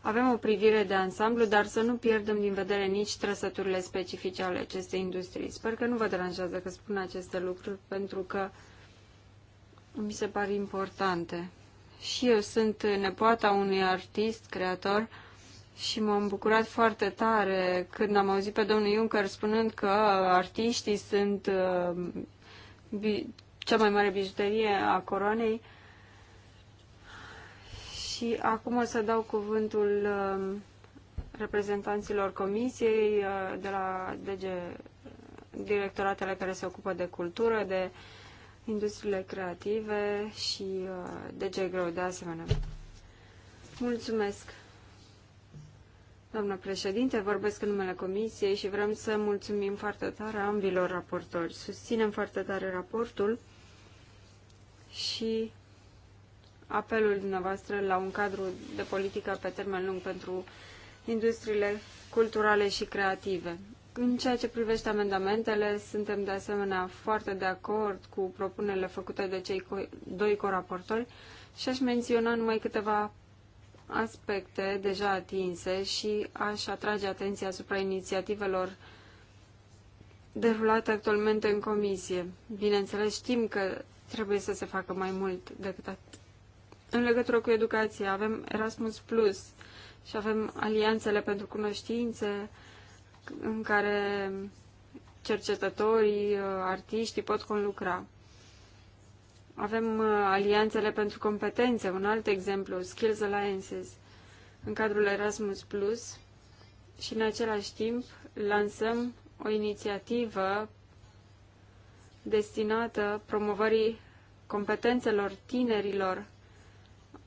avem o privire de ansamblu, dar să nu pierdem din vedere nici trăsăturile specifice ale acestei industrii. Sper că nu vă deranjează că spun aceste lucruri, pentru că mi se par importante. Și eu sunt nepoata unui artist, creator, și m-am bucurat foarte tare când am auzit pe domnul Juncker spunând că artiștii sunt uh, cea mai mare bijuterie a coroanei. Și acum o să dau cuvântul uh, reprezentanților comisiei uh, de la DG, uh, directoratele care se ocupă de cultură, de uh, industriile creative și uh, DG Grow de asemenea. Mulțumesc! Doamnă președinte, vorbesc în numele Comisiei și vrem să mulțumim foarte tare ambilor raportori. Susținem foarte tare raportul și apelul dumneavoastră la un cadru de politică pe termen lung pentru industriile culturale și creative. În ceea ce privește amendamentele, suntem de asemenea foarte de acord cu propunerile făcute de cei doi coraportori și aș menționa numai câteva aspecte deja atinse și aș atrage atenția asupra inițiativelor derulate actualmente în comisie. Bineînțeles, știm că trebuie să se facă mai mult decât atât. În legătură cu educația, avem Erasmus Plus și avem alianțele pentru cunoștințe, în care cercetătorii, uh, artiștii pot conlucra. Avem uh, alianțele pentru competențe, un alt exemplu, Skills Alliances, în cadrul Erasmus Plus și în același timp lansăm o inițiativă destinată promovării competențelor tinerilor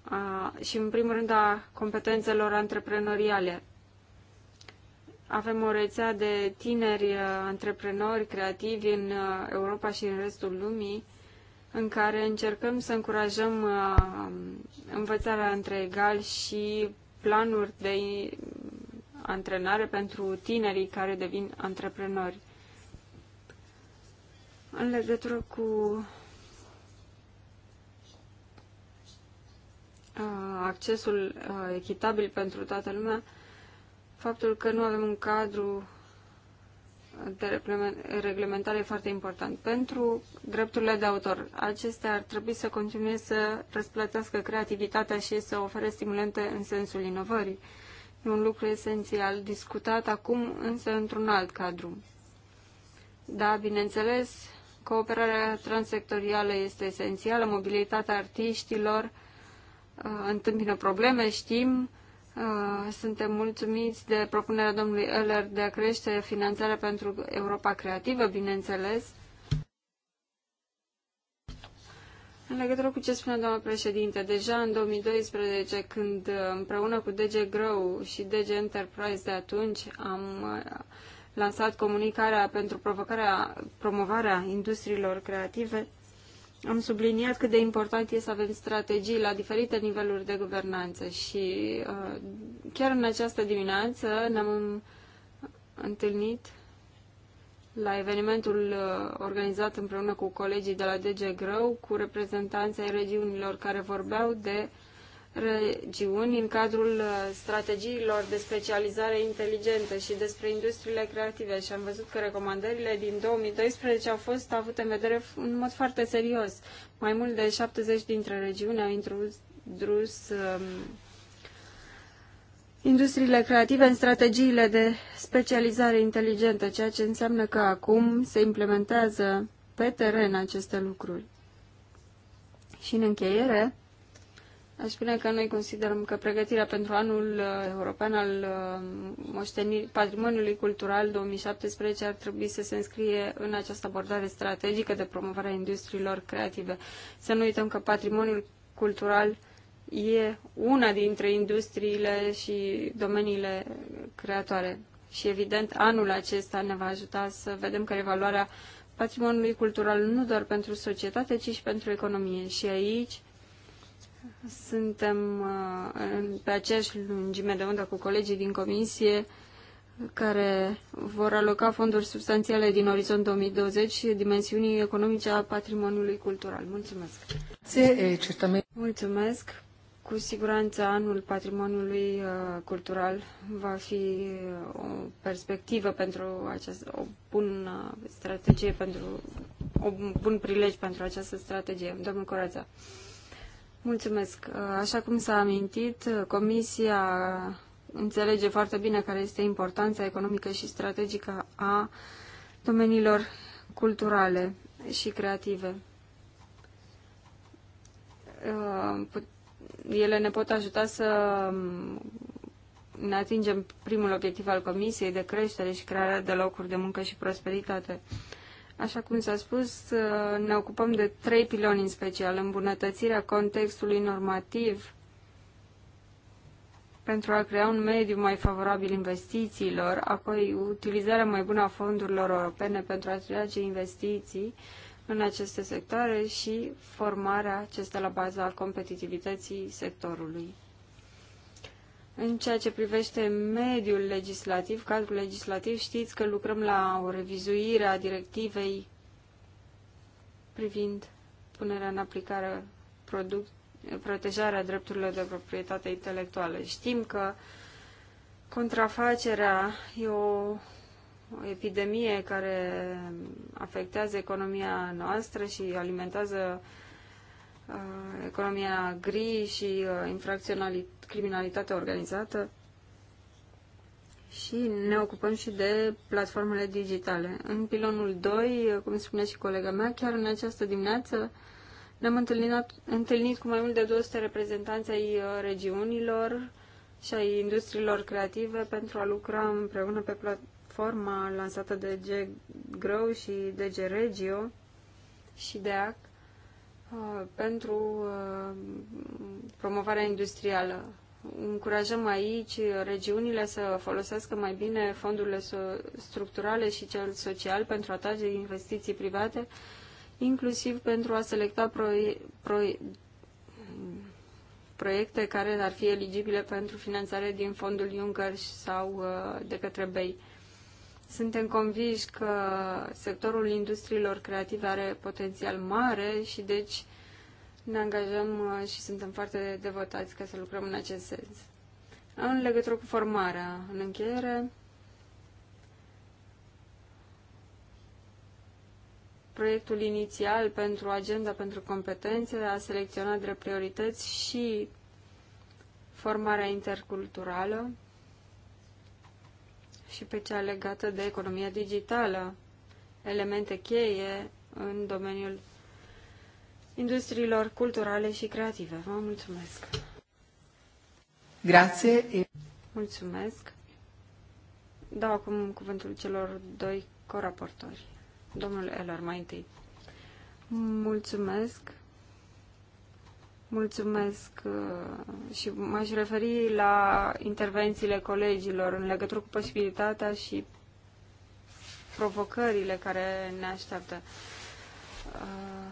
a, uh, și, în primul rând, a competențelor antreprenoriale. Avem o rețea de tineri uh, antreprenori creativi în uh, Europa și în restul lumii, în care încercăm să încurajăm uh, învățarea între egali și planuri de antrenare pentru tinerii care devin antreprenori. În legătură cu accesul echitabil pentru toată lumea, Faptul că nu avem un cadru de reglementare e foarte important. Pentru drepturile de autor, acestea ar trebui să continue să răsplătească creativitatea și să ofere stimulente în sensul inovării. E un lucru esențial, discutat acum însă într-un alt cadru. Da, bineînțeles, cooperarea transsectorială este esențială, mobilitatea artiștilor uh, întâmpină probleme, știm, Ah, suntem mulțumiți de propunerea domnului Eller de a crește finanțarea pentru Europa Creativă, bineînțeles. În legătură cu ce spunea doamna președinte, deja în 2012, când ah, împreună cu DG Grow și DG Enterprise de atunci am ah, lansat comunicarea pentru provocarea, promovarea industriilor creative, am subliniat cât de important e să avem strategii la diferite niveluri de guvernanță și uh, chiar în această dimineață ne-am întâlnit la evenimentul uh, organizat împreună cu colegii de la DG Grow cu reprezentanții regiunilor care vorbeau de uh, regiuni în cadrul uh, strategiilor de specializare inteligentă și despre industriile creative și am văzut că recomandările din 2012 au fost avute în vedere în mod foarte serios. Mai mult de 70 dintre regiuni au introdus um, industriile creative în strategiile de specializare inteligentă, ceea ce înseamnă că acum se implementează pe teren aceste lucruri. Și în încheiere, Aș spune că noi considerăm că pregătirea pentru anul uh, european al uh, patrimoniului cultural 2017 ar trebui să se înscrie în această abordare strategică de promovare a industriilor creative. Să nu uităm că patrimoniul cultural e una dintre industriile și domeniile creatoare. Și evident, anul acesta ne va ajuta să vedem că evaluarea patrimoniului cultural nu doar pentru societate, ci și pentru economie. Și aici suntem uh, pe aceeași lungime de undă cu colegii din comisie care vor aloca fonduri substanțiale din orizont 2020 și dimensiunii economice a patrimoniului cultural. Mulțumesc! Mulțumesc! Cu siguranță anul patrimoniului uh, cultural va fi uh, o perspectivă pentru această, o bună strategie pentru, o bun prilej pentru această strategie. Domnul Corața. Mulțumesc. Așa cum s-a amintit, Comisia înțelege foarte bine care este importanța economică și strategică a domeniilor culturale și creative. Uh, ele ne pot ajuta să um, ne atingem primul obiectiv al Comisiei de creștere și crearea de locuri de muncă și prosperitate. Așa cum s-a spus, uh, ne ocupăm de trei piloni în special. Îmbunătățirea contextului normativ pentru a crea un mediu mai favorabil investițiilor, apoi utilizarea mai bună a fondurilor europene pentru a trage investiții în aceste sectoare și formarea acestea la baza competitivității sectorului. În ceea ce privește mediul legislativ, cadrul legislativ, știți că lucrăm la o revizuire a directivei privind punerea în aplicare product, protejarea drepturilor de proprietate intelectuală. Știm că contrafacerea e o o epidemie care afectează economia noastră și alimentează economia gri și criminalitatea organizată și ne ocupăm și de platformele digitale. În pilonul 2, cum spunea și colega mea, chiar în această dimineață ne-am întâlnit, întâlnit cu mai mult de 200 reprezentanți ai regiunilor și ai industriilor creative pentru a lucra împreună pe platforma lansată de G Grow și G Regio și de ACT Uh, pentru uh, promovarea industrială. Încurajăm aici regiunile să folosească mai bine fondurile structurale și cel social pentru a atrage investiții private, inclusiv pentru a selecta proie proie proiecte care ar fi eligibile pentru finanțare din fondul Juncker sau uh, de către BEI. Suntem convinși că sectorul industriilor creative are potențial mare și deci ne angajăm uh, și suntem foarte devotați ca să lucrăm în acest sens. În legătură cu formarea, în încheiere, proiectul inițial pentru agenda pentru competențe a selecționat drept priorități și formarea interculturală, și pe cea legată de economia digitală, elemente cheie în domeniul industriilor culturale și creative. Vă mulțumesc! Grație! Mulțumesc! Dau acum cuvântul celor doi coraportori. Domnul Elor, mai întâi. Mulțumesc! Mulțumesc uh, și m-aș referi la intervențiile colegilor în legătură cu posibilitatea și provocările care ne așteaptă. Uh,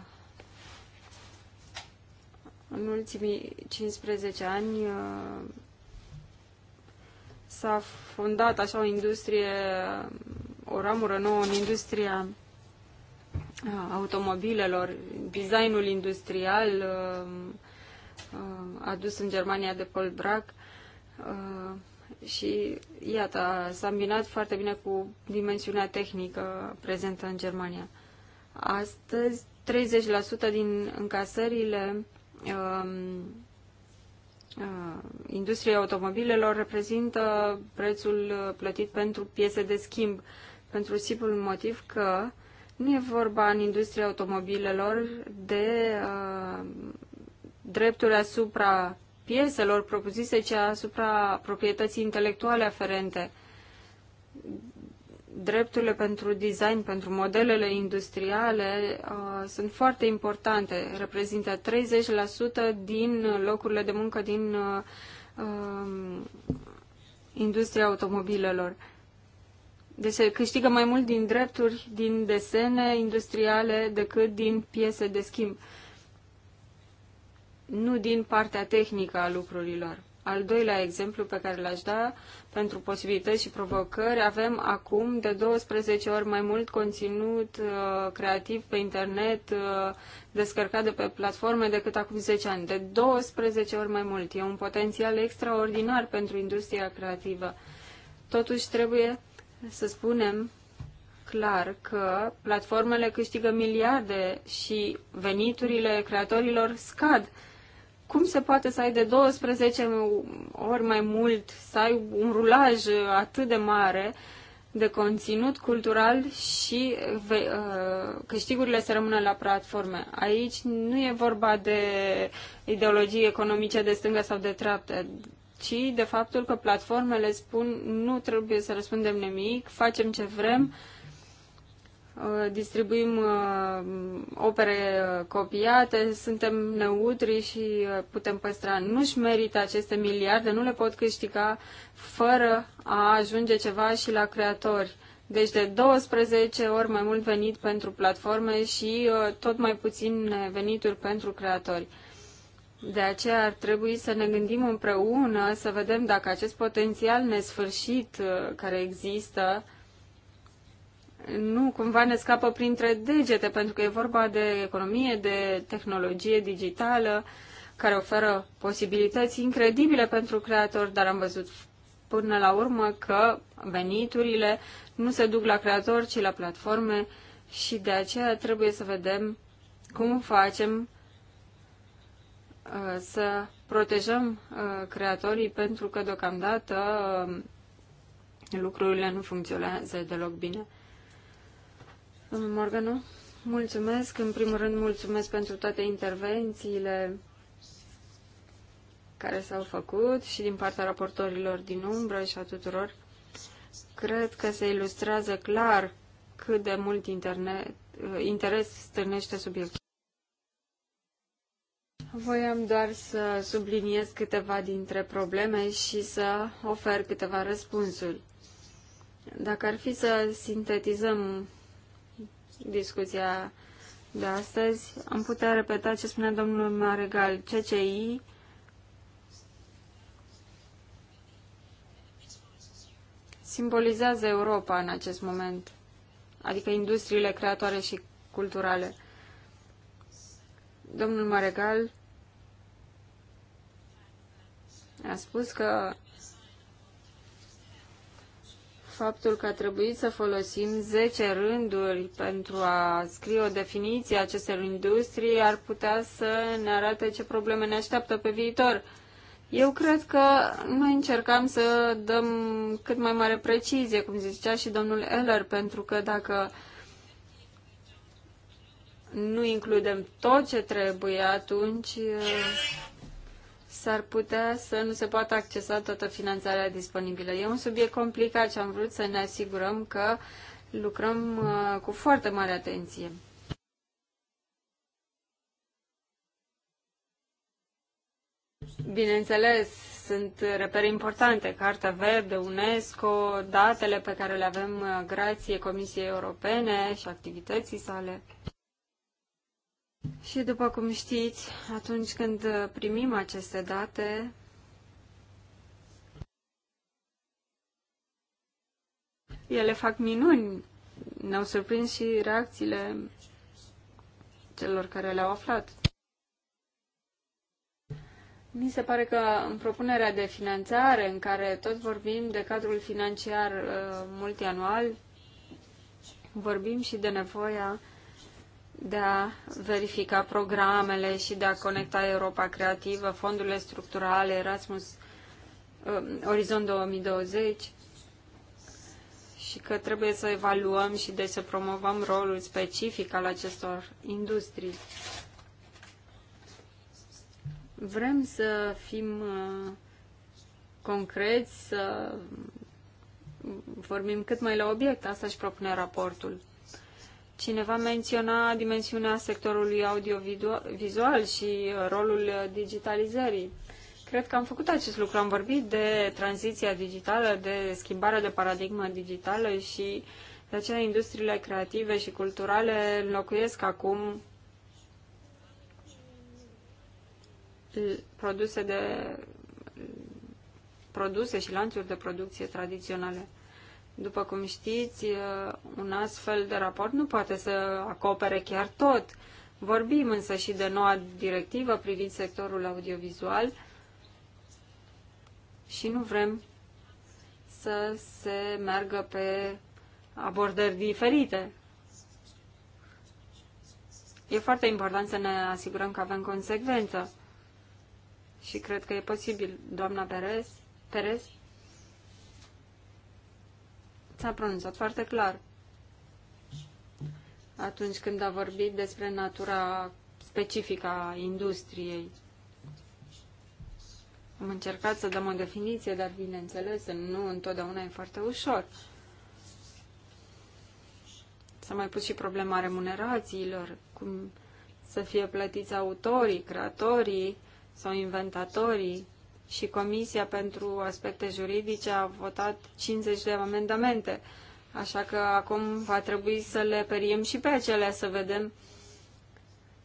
în ultimii 15 ani uh, s-a fondat așa o industrie, o ramură nouă în industria automobilelor, designul industrial, Uh, adus în Germania de Paul Bragg uh, și iată, s-a îmbinat foarte bine cu dimensiunea tehnică prezentă în Germania. Astăzi, 30% din încasările um, uh, industriei automobilelor reprezintă prețul plătit pentru piese de schimb, pentru simplul motiv că nu e vorba în industria automobilelor de uh, drepturi asupra pieselor propuse, ci asupra proprietății intelectuale aferente, drepturile pentru design, pentru modelele industriale uh, sunt foarte importante. Reprezintă 30% din locurile de muncă din uh, uh, industria automobilelor. Deci se câștigă mai mult din drepturi, din desene industriale, decât din piese de schimb nu din partea tehnică a lucrurilor. Al doilea exemplu pe care l-aș da pentru posibilități și provocări, avem acum de 12 ori mai mult conținut uh, creativ pe internet uh, descărcat de pe platforme decât acum 10 ani. De 12 ori mai mult. E un potențial extraordinar pentru industria creativă. Totuși trebuie să spunem clar că platformele câștigă miliarde și veniturile creatorilor scad cum se poate să ai de 12 ori mai mult, să ai un rulaj atât de mare de conținut cultural și uh, câștigurile să rămână la platforme. Aici nu e vorba de ideologii economice de stânga sau de treaptă, ci de faptul că platformele spun nu trebuie să răspundem nimic, facem ce vrem, mm Uh, distribuim uh, opere uh, copiate, suntem neutri și putem păstra. Nu-și merită aceste miliarde, nu le pot câștiga fără a ajunge ceva și la creatori. Deci de 12 ori mai mult venit pentru platforme și tot mai puțin venituri pentru creatori. De aceea ar trebui să ne gândim împreună, să vedem dacă acest potențial nesfârșit care există, nu cumva ne scapă printre degete, pentru că e vorba de economie, de tehnologie digitală, care oferă posibilități incredibile pentru creatori, dar am văzut până la urmă că veniturile nu se duc la creatori, ci la platforme și de aceea trebuie să vedem cum facem uh, să protejăm uh, creatorii pentru că deocamdată uh, lucrurile nu funcționează deloc bine. Domnul Morganu, mulțumesc. În primul rând, mulțumesc pentru toate intervențiile care s-au făcut și din partea raportorilor din umbră și a tuturor. Cred că se ilustrează clar cât de mult internet, uh, interes stârnește subiectul. Voiam doar să subliniez câteva dintre probleme și să ofer câteva răspunsuri. Dacă ar fi să sintetizăm discuția de astăzi. Am putea repeta ce spunea domnul Maregal. CCI simbolizează Europa în acest moment, adică industriile creatoare și culturale. Domnul Maregal a spus că faptul că a trebuit să folosim 10 rânduri pentru a scrie o definiție a acestor industrii ar putea să ne arate ce probleme ne așteaptă pe viitor. Eu cred că noi încercam să dăm cât mai mare precizie, cum zicea și domnul Eller, pentru că dacă nu includem tot ce trebuie, atunci s-ar putea să nu se poată accesa toată finanțarea disponibilă. E un subiect complicat și am vrut să ne asigurăm că lucrăm uh, cu foarte mare atenție. Bineînțeles, sunt repere importante, Carta Verde, UNESCO, datele pe care le avem uh, grație Comisiei Europene și activității sale. Și după cum știți, atunci când primim aceste date, ele fac minuni. Ne-au surprins și reacțiile celor care le-au aflat. Mi se pare că în propunerea de finanțare, în care tot vorbim de cadrul financiar uh, multianual, vorbim și de nevoia de a verifica programele și de a conecta Europa Creativă, fondurile structurale, Erasmus, um, Orizont 2020 și că trebuie să evaluăm și de să promovăm rolul specific al acestor industrii. Vrem să fim uh, concreți, să vorbim cât mai la obiect. Asta își propune raportul. Cineva menționa dimensiunea sectorului audiovizual și uh, rolul digitalizării. Cred că am făcut acest lucru. Am vorbit de tranziția digitală, de schimbarea de paradigmă digitală și de aceea industriile creative și culturale înlocuiesc acum produse de produse și lanțuri de producție tradiționale. După cum știți, un astfel de raport nu poate să acopere chiar tot. Vorbim însă și de noua directivă privind sectorul audiovizual și nu vrem să se meargă pe abordări diferite. E foarte important să ne asigurăm că avem consecvență și cred că e posibil, doamna Perez, Perez s-a pronunțat foarte clar atunci când a vorbit despre natura specifică a industriei. Am încercat să dăm o definiție, dar bineînțeles, nu întotdeauna e foarte ușor. S-a mai pus și problema remunerațiilor, cum să fie plătiți autorii, creatorii sau inventatorii și Comisia pentru Aspecte Juridice a votat 50 de amendamente. Așa că acum va trebui să le periem și pe acelea să vedem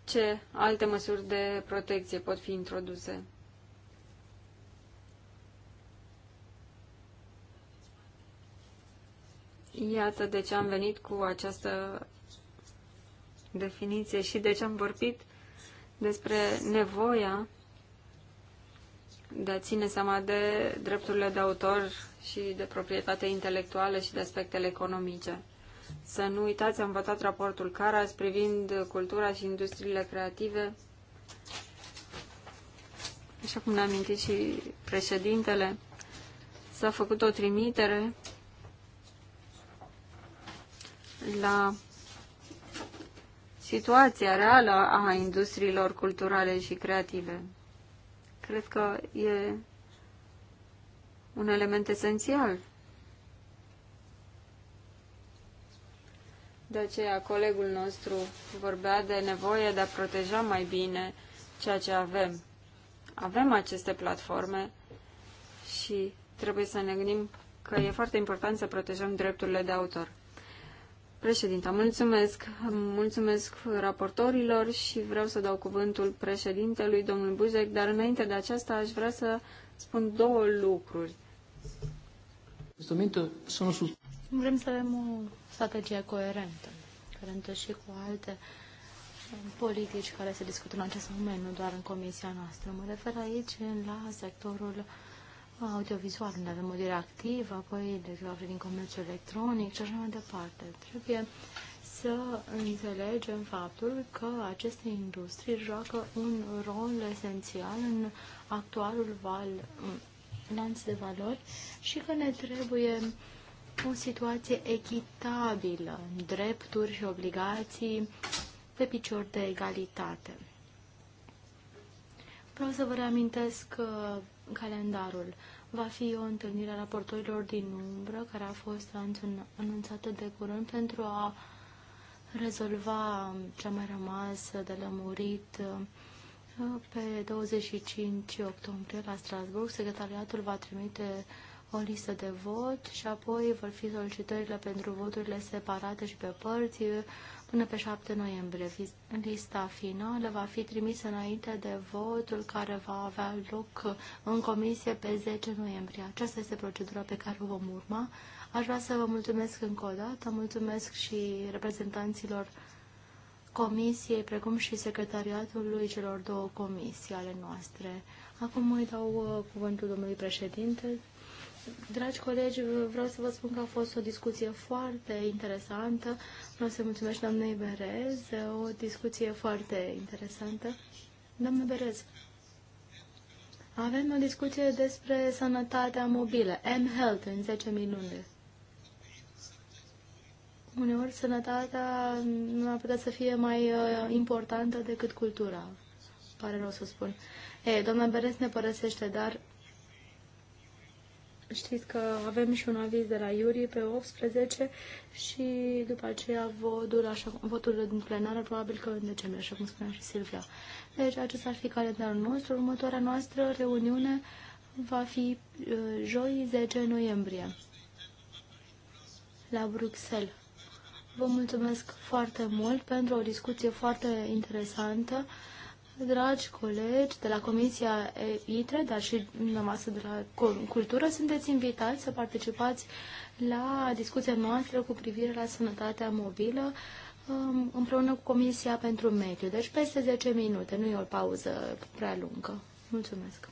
ce alte măsuri de protecție pot fi introduse. Iată de ce am venit cu această definiție și de ce am vorbit despre nevoia de a ține seama de drepturile de autor și de proprietate intelectuală și de aspectele economice. Să nu uitați, am votat raportul Caras privind cultura și industriile creative. Așa cum ne-a amintit și președintele, s-a făcut o trimitere la situația reală a industriilor culturale și creative. Cred că e un element esențial. De aceea, colegul nostru vorbea de nevoie de a proteja mai bine ceea ce avem. Avem aceste platforme și trebuie să ne gândim că e foarte important să protejăm drepturile de autor. Președinta, mulțumesc. Mulțumesc raportorilor și vreau să dau cuvântul președintelui, domnul Buzec, dar înainte de aceasta aș vrea să spun două lucruri. Vrem să avem o strategie coerentă, coerentă și cu alte uh, politici care se discută în acest moment, nu doar în comisia noastră. Mă refer aici la sectorul uh, audiovizual, unde avem o directivă, apoi exemplu, privind comerțul electronic și așa mai departe. Trebuie să înțelegem faptul că aceste industrie joacă un rol esențial în actualul val, lanț de valori și că ne trebuie o situație echitabilă, drepturi și obligații pe picior de egalitate. Vreau să vă reamintesc uh, calendarul. Va fi o întâlnire a raportorilor din umbră, care a fost anunțată de curând pentru a rezolva ce a mai rămas de lămurit uh, pe 25 octombrie la Strasburg. Secretariatul va trimite o listă de vot și apoi vor fi solicitările pentru voturile separate și pe părți până pe 7 noiembrie. Lista finală va fi trimisă înainte de votul care va avea loc în comisie pe 10 noiembrie. Aceasta este procedura pe care o vom urma. Aș vrea să vă mulțumesc încă o dată, mulțumesc și reprezentanților comisiei, precum și secretariatului celor două comisii ale noastre. Acum îi dau uh, cuvântul domnului președinte Dragi colegi, vreau să vă spun că a fost o discuție foarte interesantă. Vreau să mulțumesc doamnei Berez, o discuție foarte interesantă. Doamne Berez, avem o discuție despre sănătatea mobilă, M-Health, în 10 minute. Uneori sănătatea nu ar putea să fie mai uh, importantă decât cultura. Pare rău să spun. Ei, doamna Beres ne părăsește, dar Știți că avem și un aviz de la Iuri pe 18 și după aceea votul, așa, votul din plenară probabil că în decembrie, așa cum spunea și Silvia. Deci acesta ar fi calendarul nostru. Următoarea noastră reuniune va fi uh, joi 10 noiembrie la Bruxelles. Vă mulțumesc foarte mult pentru o discuție foarte interesantă dragi colegi de la Comisia ITRE, dar și dumneavoastră de la Cultură, sunteți invitați să participați la discuția noastră cu privire la sănătatea mobilă um, împreună cu Comisia pentru Mediu. Deci peste 10 minute, nu e o pauză prea lungă. Mulțumesc!